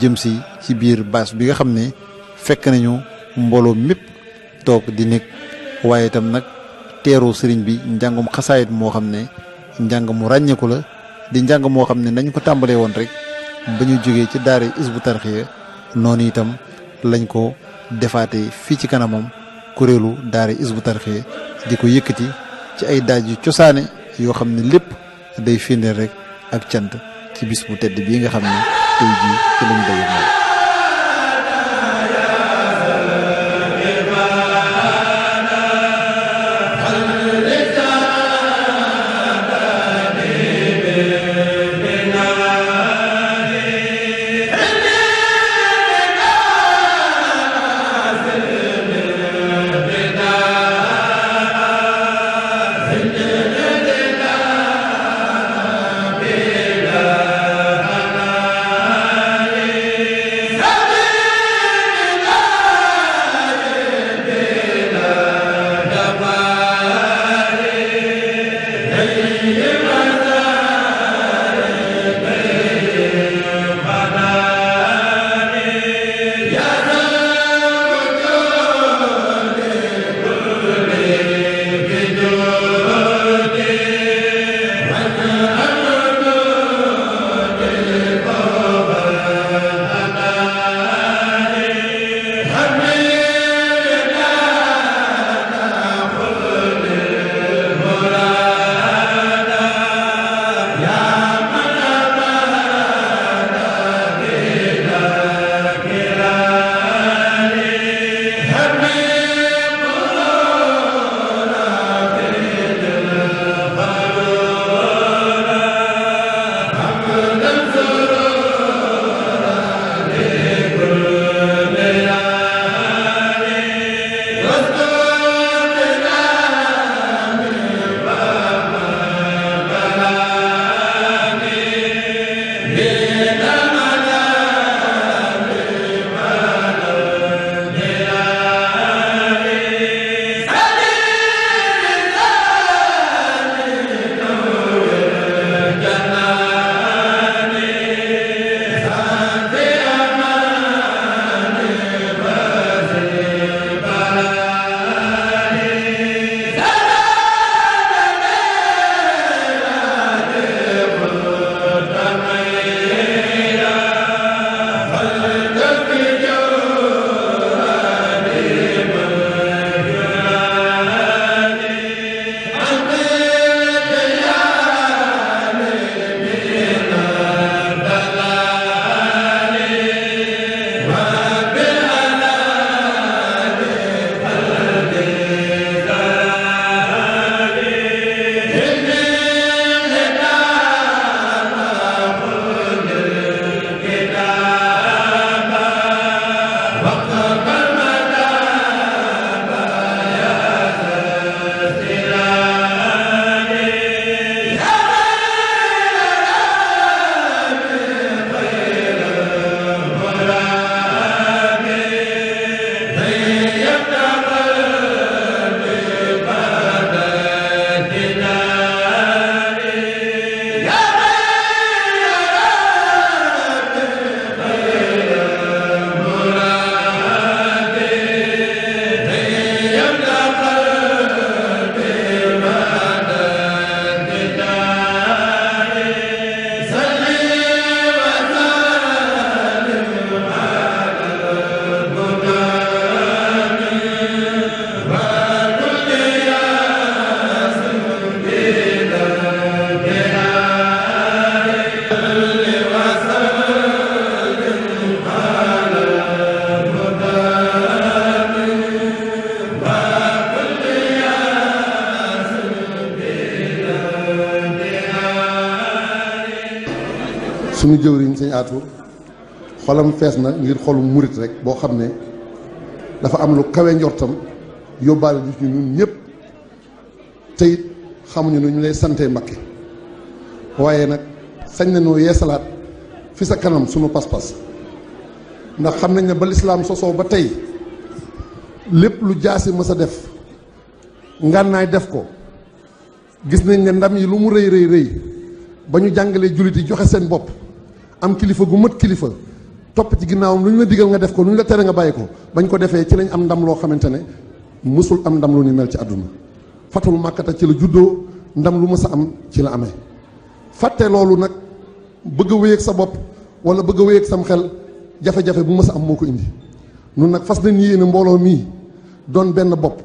jëm si ci biir baas bi nga xam ne fekk nañu mbooloo mépp toog di nekk waaye itam nag teeroo Serigne bi njàngum xasaayit moo xam ne. njàng mu ràññeeku la di njàng moo xam ne nañ ko tàmbalee woon rek ba ñu jógee ci daara Hizbut Tarqiyyah noonu itam lañ ko defaate fii ci kanamam kuréelu daara Hizbut Tarqiyyah di ko yëkkati ci ay daaj yu cosaane yoo xam ne lépp day firndeel rek ak cant ci bis bu tedd bi nga xam ne tey jii ci lañ daje na ngir xolu murit rek boo xam ne dafa am lu kawe njortam yóbbaale ñu ñun ñëpp te xamuñu nu ñu lay sante Mbàkke waaye nag sañ nañoo yeesalaat fi sa kanam sunu pas-pas ndax xam nañ ne ba lislaam sosoo ba tey lépp lu jaasi mës a def ngànnaay def ko gis nañ ne ndam yi lu mu rëy rëy rëy ba ñu jàngalee jullit yi joxe seen bopp am kilifa gu mat kilifa topp ci ginnaawam lu ñu la digal nga def ko lu ñu la tere nga bàyyi ko bañ ko defee ci lañ am ndam loo xamante ne musul am ndam lu ni mel ci àdduna fatul màkkata ci la juddoo ndam lu mës a am ci la amee fàtte loolu nag bëgg a sa bopp wala bëgg a sam xel jafe-jafe bu mës a am moo ko indi nun nag fas nañ yéene mbooloo mii doon benn bopp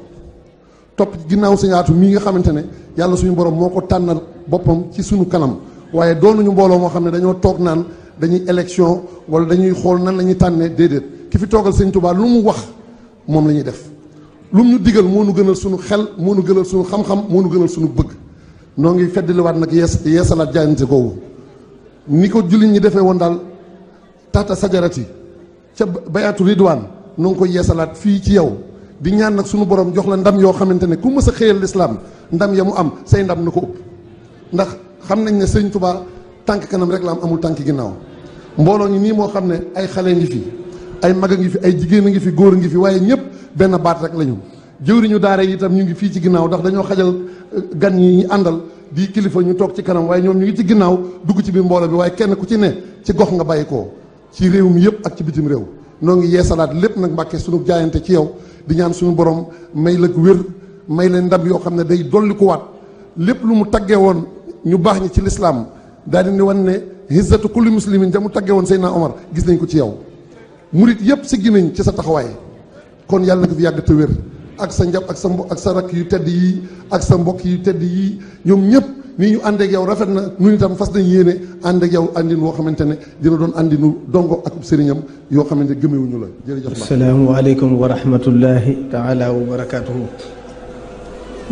topp ginnaaw Sëñ Aatu mii nga xamante ne yàlla suñu borom moo ko tànnal boppam ci suñu kanam waaye doonuñu mbooloo moo xam ne dañoo toog naan dañuy élection wala dañuy xool nan lañuy tànnee déedéet ki fi toogal sëñ Touba lu mu wax moom la ñuy def lu mu ñu digal moo nu gënal suñu xel moo nu gënal suñu xam-xam moo nu gënal suñu bëgg noo ngi feddaliwaat nag yees yeesalaat jaayante googu ni ko jullit ñi defee woon daal taata sajarat yi ca bayaatu ridwaan noo ngi ko yeesalaat fii ci yow di ñaan nag suñu borom jox la ndam yoo xamante ne ku mës a xëyal lislaam ndam ya mu am say ndam na ko ëpp ndax xam nañ ne sëñ tànk kanam rek la am amul tànk ginnaaw mbooloo ngi nii moo xam ne ay xale ngi fi ay mag a ngi fi ay jigéen a ngi fi góor a ngi fi waaye ñëpp benn baat rek la ñu jëwriñu daara yi itam ñu ngi fii ci ginnaaw ndax dañoo xajal eh, gan yi ñu àndal di kilifa ñu toog ci kanam waaye ñoom ñu ngi ci ginnaaw dugg ci biir mbooloo bi waaye kenn ku ci ne ci gox nga bàyyi ko ci réew mi yëpp ak ci bitim réew noo ngi yee salaat lépp nag mbàkke suñu jaayante ci yow di ñaan suñu borom may la wér may leen ndam yoo xam ne day dolli ko waat lépp lu mu taggee woon ñu baax ñi ci lislaam daa di wan ne hizatu kulli muslimin jamu tagge woon Seydina Omar gis nañ ko ci yow murit yëpp si nañ ci sa taxawaay kon yàlla na ko fi yàgg te wér ak sa njab ak sa mbo ak sa rakk yu tedd yii ak sa mbokk yu tedd yii ñoom ñëpp nii ñu àndeek ak yow rafet na nu itam fas nañ yéene ànd ak yow àndin woo xamante ne dina doon àndinu dongo ak sëriñam yoo xamante ne gëmewuñu la jërëjëf. asalaamaaleykum wa rahmatullahi taala wa barakaatuhu.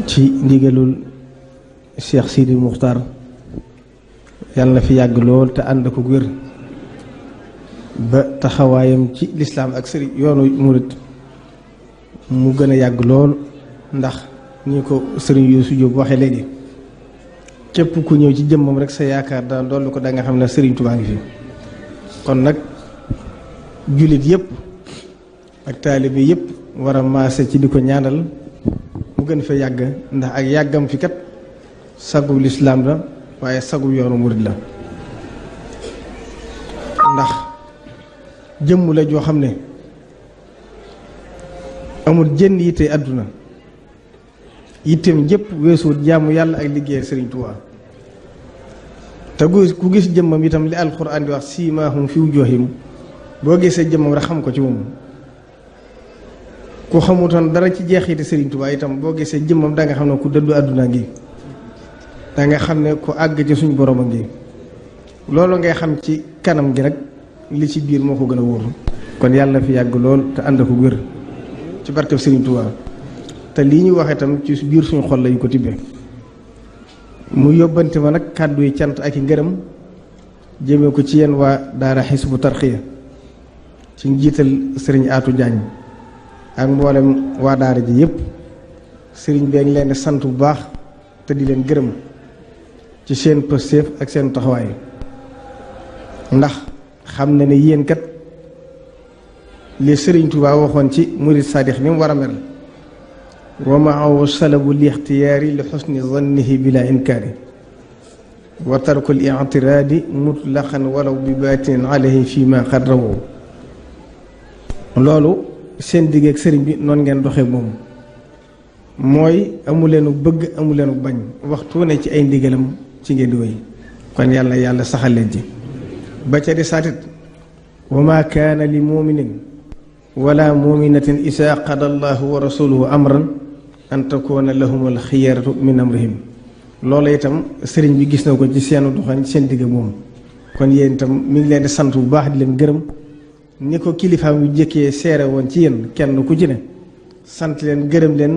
ci ndigalul Cheikh Sidi Muxtar. yàlla na fi yàgg lool te ànd ko wér ba taxawaayam ci lislaam ak sëriñ yoonu murit mu gën a yàgg lool ndax ni ko sëriñ Youssou Diop waxee léegi képp ku ñëw ci jëmmam rek sa yaakaar dana dolli ko da nga xam ne sëriñ Tuubaa ngi fi kon nag jullit yëpp ak taalibe yëpp war maase ci di ko ñaanal mu gën fa yàgg ndax ak yàggam fi kat sagu lislaam la waaye sagul yoonu murid la ndax jëmm la joo xam ne amul jënn yitte àdduna yitteem jëpp weesuut jaamu yàlla ak liggéeyal Sëriñ Tuubaa te ku gis jëmmam itam li alxuraan di wax siimaahum fi wujuuhim boo gisee jëmmam rek xam ko ci moom ku xamutoon dara ci jeexiti Sëriñ Tuubaa itam boo gisee jëmmam danga xam ne ku dëddu àdduna gi da nga xam ne ku àgg ci suñu borom a ngi loolu ngay xam ci kanam gi nag li ci biir moo ko gën a wóor kon yàlla fi yàgg lool te ànd ko wér ci barkeb Serigne Touba te lii ñu wax itam ci biir suñu xol la ñu ko tibbee mu yóbbante ma nag kàddu yi cant ak i ngërëm jëmee ko ci yenn waa daara bu Tarqiyyah ci njiital sëriñ aatu jàng ak mboolem waa daara ji yëpp sëriñ bee ngi leen sant bu baax te di leen gërëm. ci seen pëstéef ak seen taxawaay ndax xam na ne yéen kat li Sëriñ Tuubaa waxoon ci murid sadix ni war a mel wa maahu salabu lixtiyaari li xusni zannihi bila inkaari wa tarku l ictiraadi mutlaqan walaw bi baatinin alayhi fi ma rawoo loolu seen digg ak sëriñ bi noon ngeen doxe moom mooy amuleenu bëgg amuleenu bañ waxtu ne ci ay ndigalam ci ngeen di wéy kon yàlla yàlla saxal leen ci ba ca di saatit wa ma kaana li muminin wala muminatin isaa qada allahu wa rasuluhu amran an takuna lahum al xiyaratu min amrihim loolu itam sëriñ bi gis na ko ci seenu doxan seen digg moom kon yéen itam mi ngi leen di sant bu baax di leen gërëm ni ko kilifaam yu jëkkee seere woon ci yéen kenn ku ci ne sant leen gërëm leen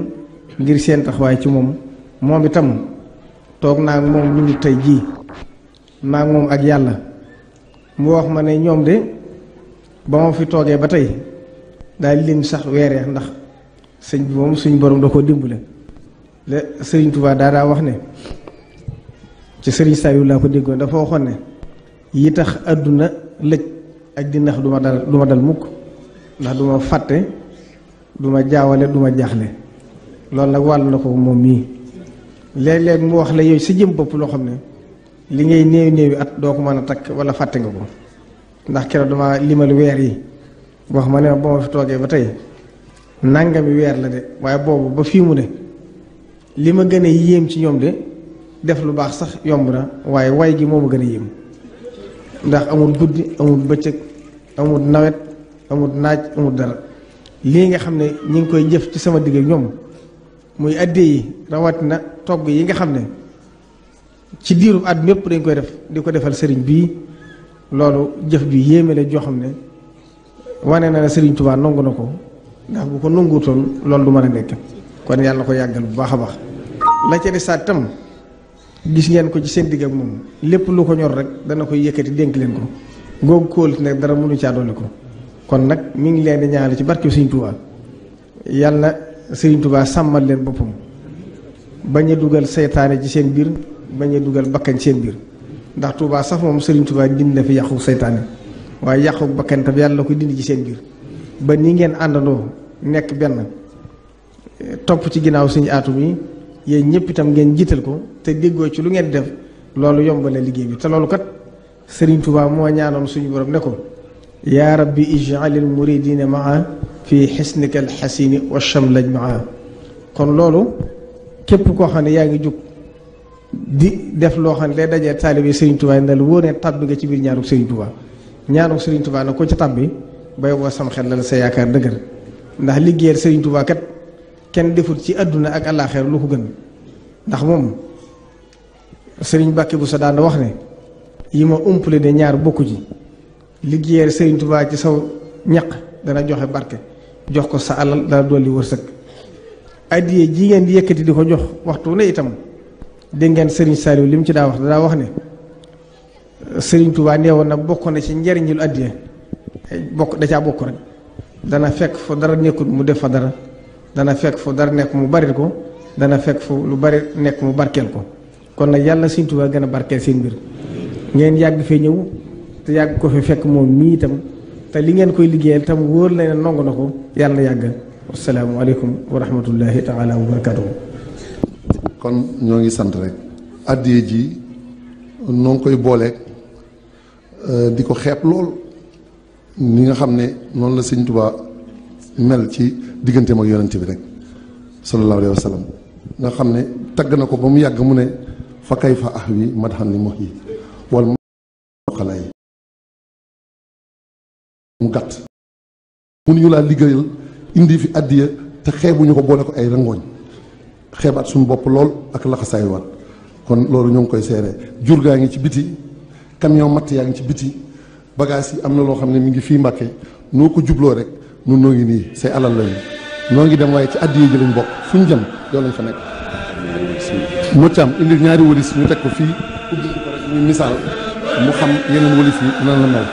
ngir seen taxawaay ci moom moom itam toog naa moom ñu ngi tey jii maa moom ak yàlla mu wax ma ne ñoom de ba ma fi toogee ba tey daal lim sax weeree ndax sëñ bi suñ borom da koo dimbale la sëriñ Touba daa daa wax ne ci sëriñ Saliou laa ko déggoon dafa waxoon ne yi tax àdduna lëj ak di nax du ma dal du ma dal mukk ndax du fàtte du ma jaawale du ma jaaxle loolu nag wàllu na ko moom mii léeg-léeg mu wax la yooyu sa jëm bopp loo xam ne li ngay néew néewi at doo ko mën a takk wala fàtte nga ko ndax keroog dama limal weer yi wax ma ne ba ma fi toogee ba tey nangami weer la de waaye boobu ba fii mu ne li ma gën a yéem ci ñoom de def lu baax sax yomb na waaye way gi moo ma gën a yéem ndax amul guddi amul bëccëg amul nawet amut naaj amul dara lii nga xam ne ñu ngi koy jëf ci sama digg ñoom muy adde yi na togg yi nga xam ne ci diiru at mépp dañ koy def di ko defal sëriñ bii loolu jëf bi yéeme la joo xam ne wane na ne sëriñ Tuubaa nangu na ko ndax bu ko nanguutoon loolu du mën a nekk kon yàlla ko yàggal bu baax a baax la ca desaat tam gis ngeen ko ci seen digg ak moom lépp lu ko ñor rek dana koy yëkkati dénk leen ko googu kóolit nag dara mënu caa dolli ko kon nag mi ngi leen di ñaanal ci barke Sëriñ Tuubaa yàlla Sëriñ Tuubaa sàmmal leen boppam bañ a dugal seytaane ci seen biir bañ a dugal bakkan ci seen biir ndax Tuubaa sax moom Sëriñ Tuubaa dindi na fi yàqu seytaane waaye yàqu bakkan tam yàlla ko dindi ci seen biir ba ni ngeen àndandoo nekk benn topp ci ginnaaw suñu aatum yi yéen ñëpp itam ngeen jiital ko te déggoo ci lu ngeen def loolu yombale liggéey bi te loolu kat Sëriñ Tuubaa moo ñaanoon suñu borom ne ko yaa rabbi ij'alil muridina maa fii xisnika alxasini wa chamlaj maa kon loolu képp koo xam ne yaa ngi jug di def loo xam ne day dajee taalibe Serigne Touba ndal wóor ne tàbbi nga ci biir ñaanuk Serigne Touba ñaanuk Serigne Touba nag ko ci tàbbi bay la sa yaakaar dëgër ndax liggéey Serigne Touba kat kenn defut ci àdduna ak àllaaxeer lu ko gën ndax moom sëriñ Bàkke bu sa daan wax ne yi ma umpale de ñaar bokk ji liggéeyal Serigne Touba ci saw ñaq dana joxe barke jox ko sa alal dala dolli wërsëg addiye ji di yëkkati di ko jox waxtu ne itam dégg ngeen Serigne Saliou li mu ci daa wax daa wax ne Serigne Touba na bokkoon na ci njariñu lu addiye bokk da caa bokk rek dana fekk fu dara nekkul mu def fa dara dana fekk fu dara nekk mu bari ko dana fekk fu lu bari nekk mu barkeel ko kon nag yàlla Serigne Touba gën a barkeel seen mbir ngeen yàgg fee ñëw te yàgg ko fekk moom mii itam. te li ngeen koy liggéeyal tam wóor la ne na ko yàlla na yàgg asalaamaaleykum wa rahmatullahi taala wa barakatuhu kon ñoo ngi sant rek addiye ji noo koy booleek euh, di ko xeeb lool ni nga xam ne noonu la sëñ Tuubaa mel ci diggante ak yonent bi rek sallallahu alayhi wa nga xam ne tagg na ko ba mu yàgg mu ne fa kay fa ahwi madhan li muhyi mu gàtt laa liggéeyal indi fi addiya te xeebuñu ko boole ko ay rangooñ xeebaat suñu bopp lool ak laxasaayuwaat kon loolu ñoo ngi koy seeree jur gaa ngi ci biti camion matt yaa ngi ci biti bagage yi am na loo xam ne mi ngi fii Mbàkke noo ko jubloo rek nun noo ngi nii say alal lañu noo ngi dem waaye ci addiya ji lañ bokk fu ñu jëm yoo lañ fa nekk moccaam indi ñaari walis ñu teg ko fii ubbi ko misaal mu xam yeneen walis yi nan la mel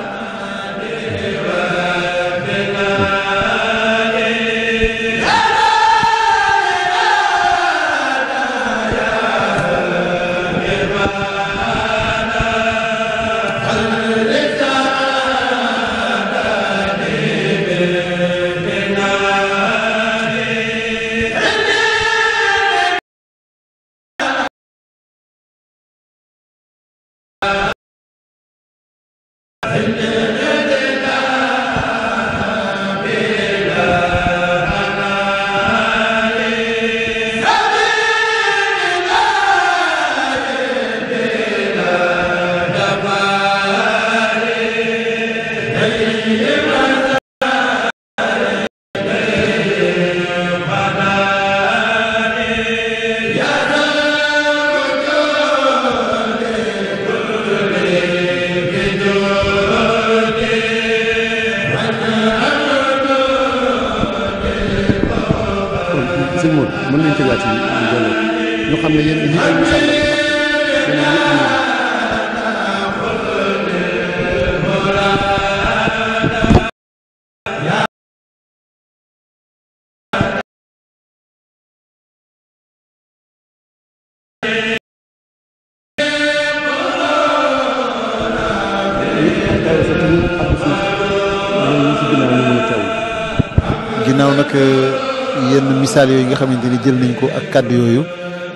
kàddu yooyu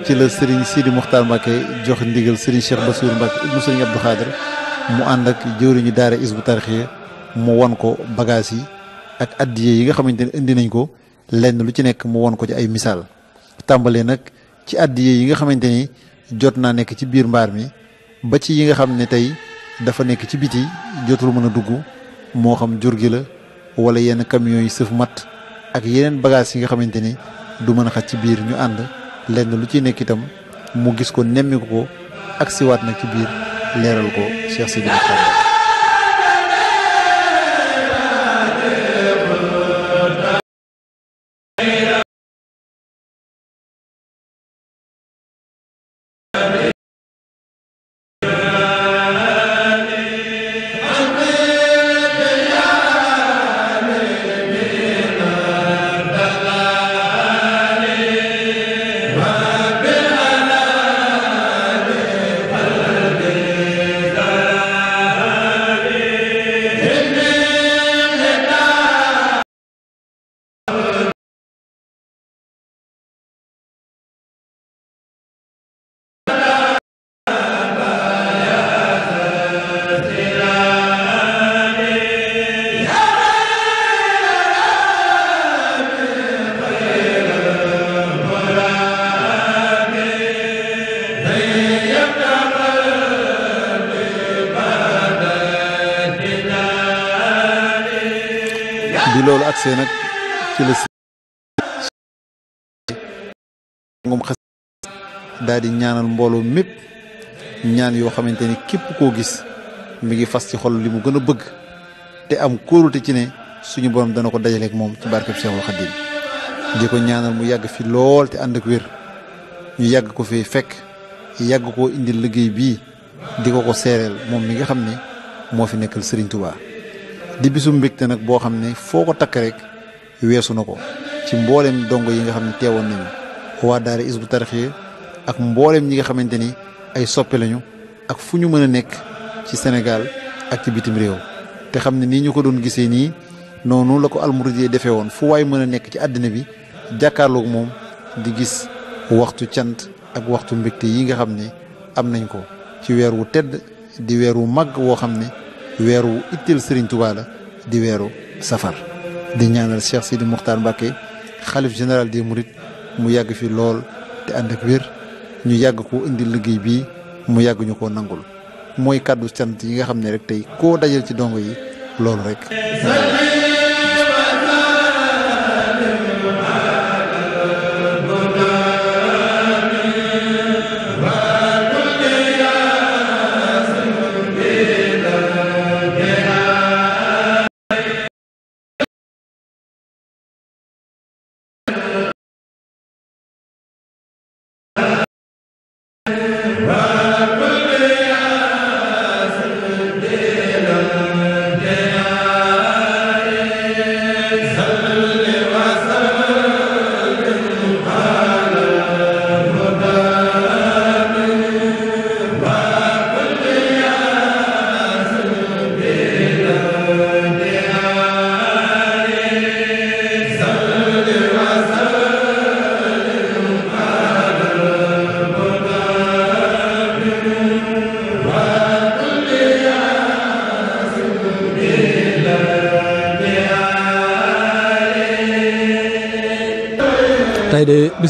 ci la Serigne Sidi Mokhtar Mbacke jox ndigal Serigne Cheikh Bassirou Mbacke ibnu Serigne Abdou Khader mu ànd ak jëwriñu daara Hizbut Tarqiyyah mu won ko bagage yi ak addiye yi nga xamante ne indi nañ ko lenn lu ci nekk mu won ko ci ay misaal tàmbalee nag ci addiye yi nga xamante ni jot naa nekk ci biir mbaar mi ba ci yi nga xam ne tey dafa nekk ci biti jotul mën a dugg moo xam jur gi la wala yenn camions yi sëf mat ak yeneen bagage yi nga xamante ni du mën a xaj ci biir ñu ànd lenn lu ci nekk itam mu gis ko nemmiku ko ak siwaat na ci biir leeral ko Cheikh Sidi Mokhtar mbooloo mépp ñaan yoo xamante ni képp koo gis mu ngi fas ci xol li mu gën a bëgg te am kóorute ci ne suñu borom dana ko dajaleek moom ci barkeb Seexul Xadiim di ko ñaanal mu yàgg fi lool te ànd ak wér ñu yàgg ko fee fekk yàgg koo indil liggéey bii di ko ko seereel moom mi nga xam ne moo fi nekkal Serigne Touba di bisu mbégte nag boo xam ne foo ko takk rek weesu na ko ci mboolem dongo yi nga xam ne teewoon nañu waa daara Hizbut Tarqiyyah ak mboolem ñi nga xamante ni ay soppe lañu ak fu ñu mën a nekk ci senegal ak ci bitim réew te xam ne nii ñu ko doon gisee nii noonu la ko almuridiyya defee woon fu waay mën a nekk ci àddina bi jàkkaarloog moom di gis waxtu cant ak waxtu mbégte yi nga xam ne am nañ ko ci weer wu tedd di weer wu màgg woo xam ne weer wu itteel Serigne Touba di weeru safar di ñaanal Cheikh Sidi Moukhtar Mbacké xalif général des murit mu yàgg fi lool te ànd ak wér ñu yàgg ko indi liggéey bi mu yàgg ñu koo nangul mooy kàddu sant yi nga xam ne rek tey koo dajal ci dongo yi loolu rek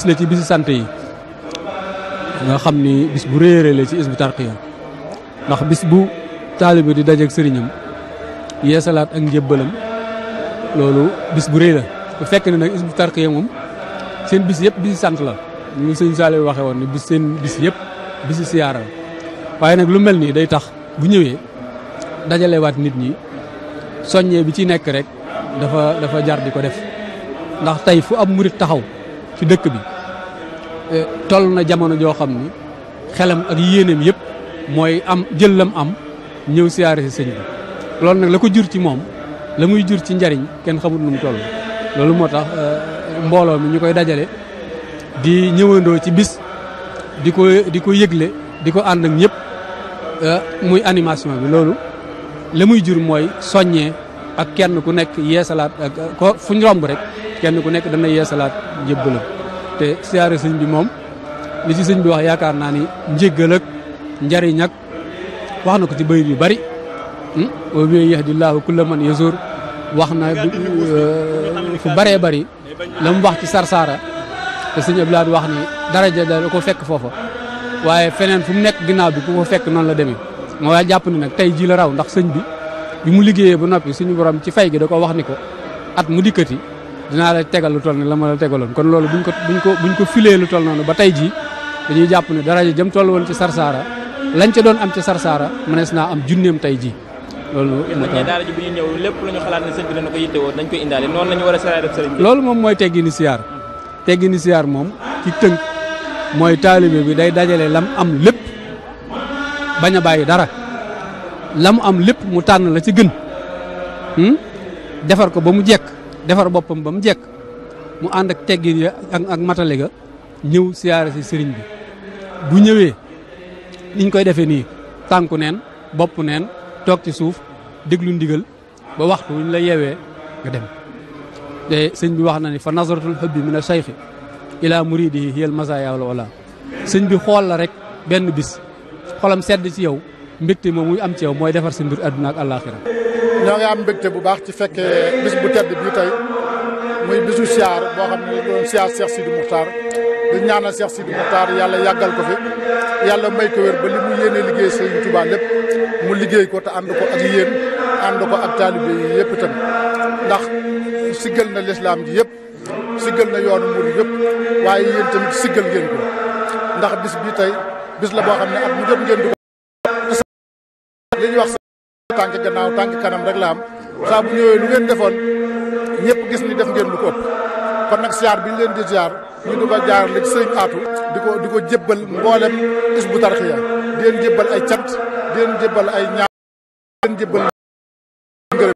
bis la ci bisi sant yi nga xam ni bis bu réeré la ci Hizbut Tarqiyyah ndax bis bu taalibe di dajeek sëriñam yeesalaat ak njébbalam loolu bis bu réy la bu fekk ne nag Hizbut Tarqiyyah moom seen bis yëpp bisi sant la mu ñu sëñ Saliou waxee woon ni bis seen bis yëpp bisi siyaara la waaye nag lu mel nii day tax bu ñëwee dajalewaat nit ñi soññee bi ci nekk rek dafa dafa jar di ko def ndax tey fu ab murit taxaw ci dëkk bi e, toll na jamono joo xam ni xelam ak yéeneem yëpp mooy am jël am ñëw siyaare si sëñ bi loolu nag la ko jur ci moom la muy jur ci njariñ kenn xamut nu mu toll loolu moo tax e, mbooloo mi ñu koy dajale di ñëwandoo ci bis di ko di ko yëgle di ko ànd ak ñëpp e, muy animation bi loolu la muy jur mooy soññee ak kenn ku nekk yeesalaat ak ko fuñ romb rek kenn ku nekk dana yeesalaat njëbbalam te siyaare sëñ bi moom li ci sëñ bi wax yaakaar naa ni njëggal ak njariñ ak wax na ko ci bayit yu bari hmm? wa bi yahdillahu kulla man yasur wax na fu baree bari la mu wax ci sarsaara te sëñ Abdoulaye wax ni daraja da ko fekk foofa waaye feneen fu mu nekk ginnaaw bi ku ko fekk noonu la deme moo yaa jàpp ni nag tey jii la ndax sëñ bi bi mu liggéeyee ba noppi suñu borom ci fay gi da ko wax ni ko at mu dikkati dinaa la tegal lu toll la ma la tegaloon kon loolu buñ ko buñ ko buñ ko filee lu toll noonu ba tey jii dañuy jàpp ne dara ji jëm toll woon ci sarsaara lañ ca doon am ci sarsaara mënees naa am junneem tey jii loolu daara ji bu ñu ñëw lépp lu ñu dañ koy indaale noonu la a saraay def sëriñ bi loolu moom mooy teggini siyaar teggini siyaar moom ci tënk mooy taalibe bi day dajale lam am lépp bañ a bàyyi dara la am lépp mu tànn la ci gën hmm? defar ko ba mu jekk defar boppam ba mu jekk mu ànd ak teggin ya ak ak matale ga ñëw siyaare si sëriñ bi bu ñëwee niñ koy defee nii tànku nen boppu neen toog ci suuf déglu ndigal ba waxtu wuñ la yeewee nga dem te sëñ bi wax na ni fa nasratul hubbi min a shaykhi ila muridihi hiyal masaya wal wala sëñ bi xool la rek benn bis xolam sedd ci yow mbégte moom muy am ci yow mooy defar sa mbir àdduna ak àllaaxira ñoo ngi am mbégte bu baax ci fekkee bis bu tedd bii tey muy bisu siyaar boo xam ne doon siyaar Cheikh Sidi Moukhtar di ñaanal Cheikh Sidi Moukhtar yàlla yàggal ko fi yàlla may ko wér ba li mu yéene liggéey Sëriñ Tuubaa lépp mu liggéey ko te ànd ko ak yéen ànd ko ak taalibe yi yëpp itam ndax siggal na lislaam ji yëpp siggal na yoon murid yëpp waaye yéen tamit siggal ngeen ko ndax bis bii tey bis la boo xam ne at mu jot di ko tànk gannaaw tànk kanam rek la am saa bu ñëwee lu ngeen defoon ñëpp gis ni def ngeen lu ko kon nag siyaar bi ñu leen di siyaar ñu di ko jaar li sëñ aatu di ko di ko jébbal mboolem Hizbut Tarqiyyah di leen jébbal ay cat di leen jébbal ay ñaan di leen jébbal ngërëm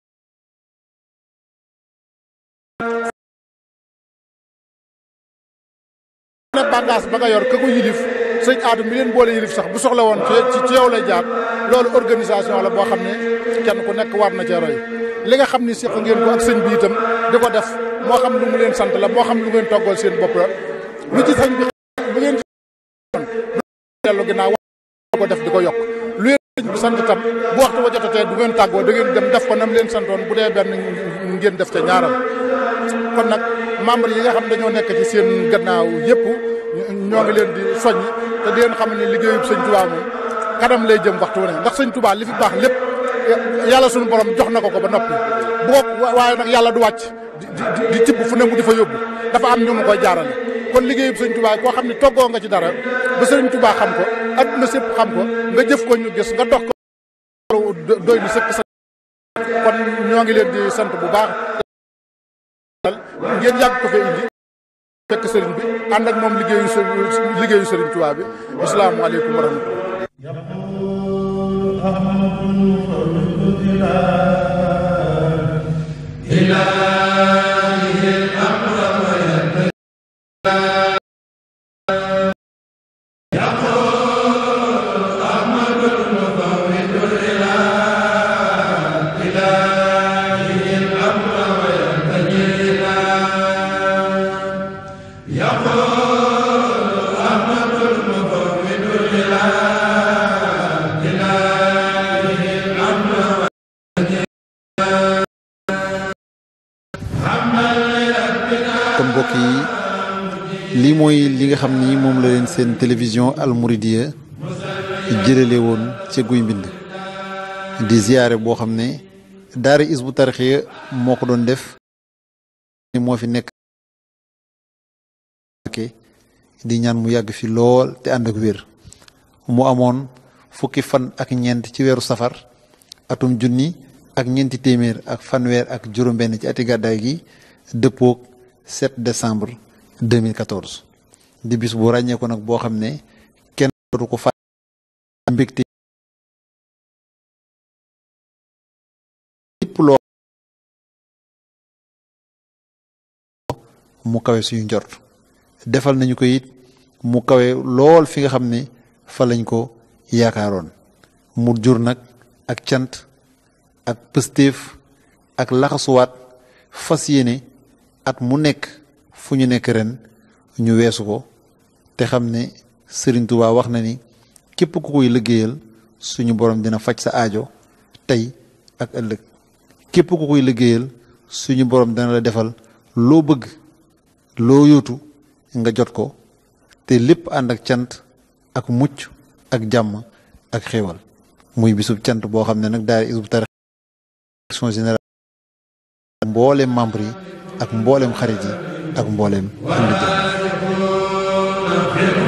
sëñ aadum mi leen boole yilif sax bu soxla woon ci ci yow lay jaar loolu organisation la boo xam ne kenn ku nekk war na cee yi li nga xam ni seq ngeen ko ak sëñ bi itam di ko def moo xam lu mu leen sant la moo xam lu ngeen toggal seen bopp la lu ci sëñ bi bu ngeen dellu ginnaaw ko def di ko yokk lu leen sëñ bi sant itam bu waxtu ba jotatee du ngeen tàggoo da ngeen dem def ko nam leen santoon bu dee benn ngeen def ca ñaaram kon nag membre yi nga xam dañoo nekk ci seen gannaaw yëpp ñoo ngi leen di soññ te leen xam ne liggéeyub sëñ Tuubaa moom kanam lay jëm waxtu wu ne ndax sëñ Tuubaa li fi baax lépp yàlla suñu borom jox na ko ko ba noppi bu waaye nag yàlla du wàcc di di tibb fu ne mu di fa yóbbu dafa am ñu mu koy jaarale kon liggéeyub sëñ tubaay koo xam ne toggoo nga ci dara ba sëñ Tuubaa xam ko adduna sépp xam ko nga jëf ko ñu gis nga dox ko doy lu sëkk sa kon ñoo ngi leen di sant bu baax ngeen ko fekk sëriñ bi ànd ak moom liggéeyu liggéeyu sëriñ Tuubaa bi asalaamaaleykum wa rahmatulah télévision Al Mouridiyyah jëlale woon ca guy mbind di ziyaare boo xam ne daara isbu tarxiya moo ko doon def moo fi nekk di ñaan mu yàgg fi lool te ànd ak mu amoon fukki fan ak ñeent ci weeru safar atum junni ak ñeenti téeméer ak fanweer ak juróom-benn ci ati gàddaay gi dëppook 7 décembre 2014 di bis bu ràññeeku nag boo xam ne kenn dootu ko fàtte mbégte lépp loo mu kawe suñu njort defal nañu ko it mu kawe lool fi nga xam ne fa lañ ko yaakaaroon mu jur nag ak cant ak pëstéef ak laxasuwaat fas yéene at mu nekk fu ñu nekk ren ñu weesu ko te xam ne Sëriñ Tuubaa wax na ni képp ku koy liggéeyal suñu borom dina faj sa ajo tey ak ëllëg képp ku koy liggéeyal suñu borom dana la defal loo bëgg loo yóotu nga jot ko te lépp ànd ak cant ak mucc ak jàmm ak xéewal muy bisub cant boo xam ne nag daal Hizbut Tarqiyyah direction générale mboolem membre yi ak mboolem xarit yi ak mboolem am Yeah.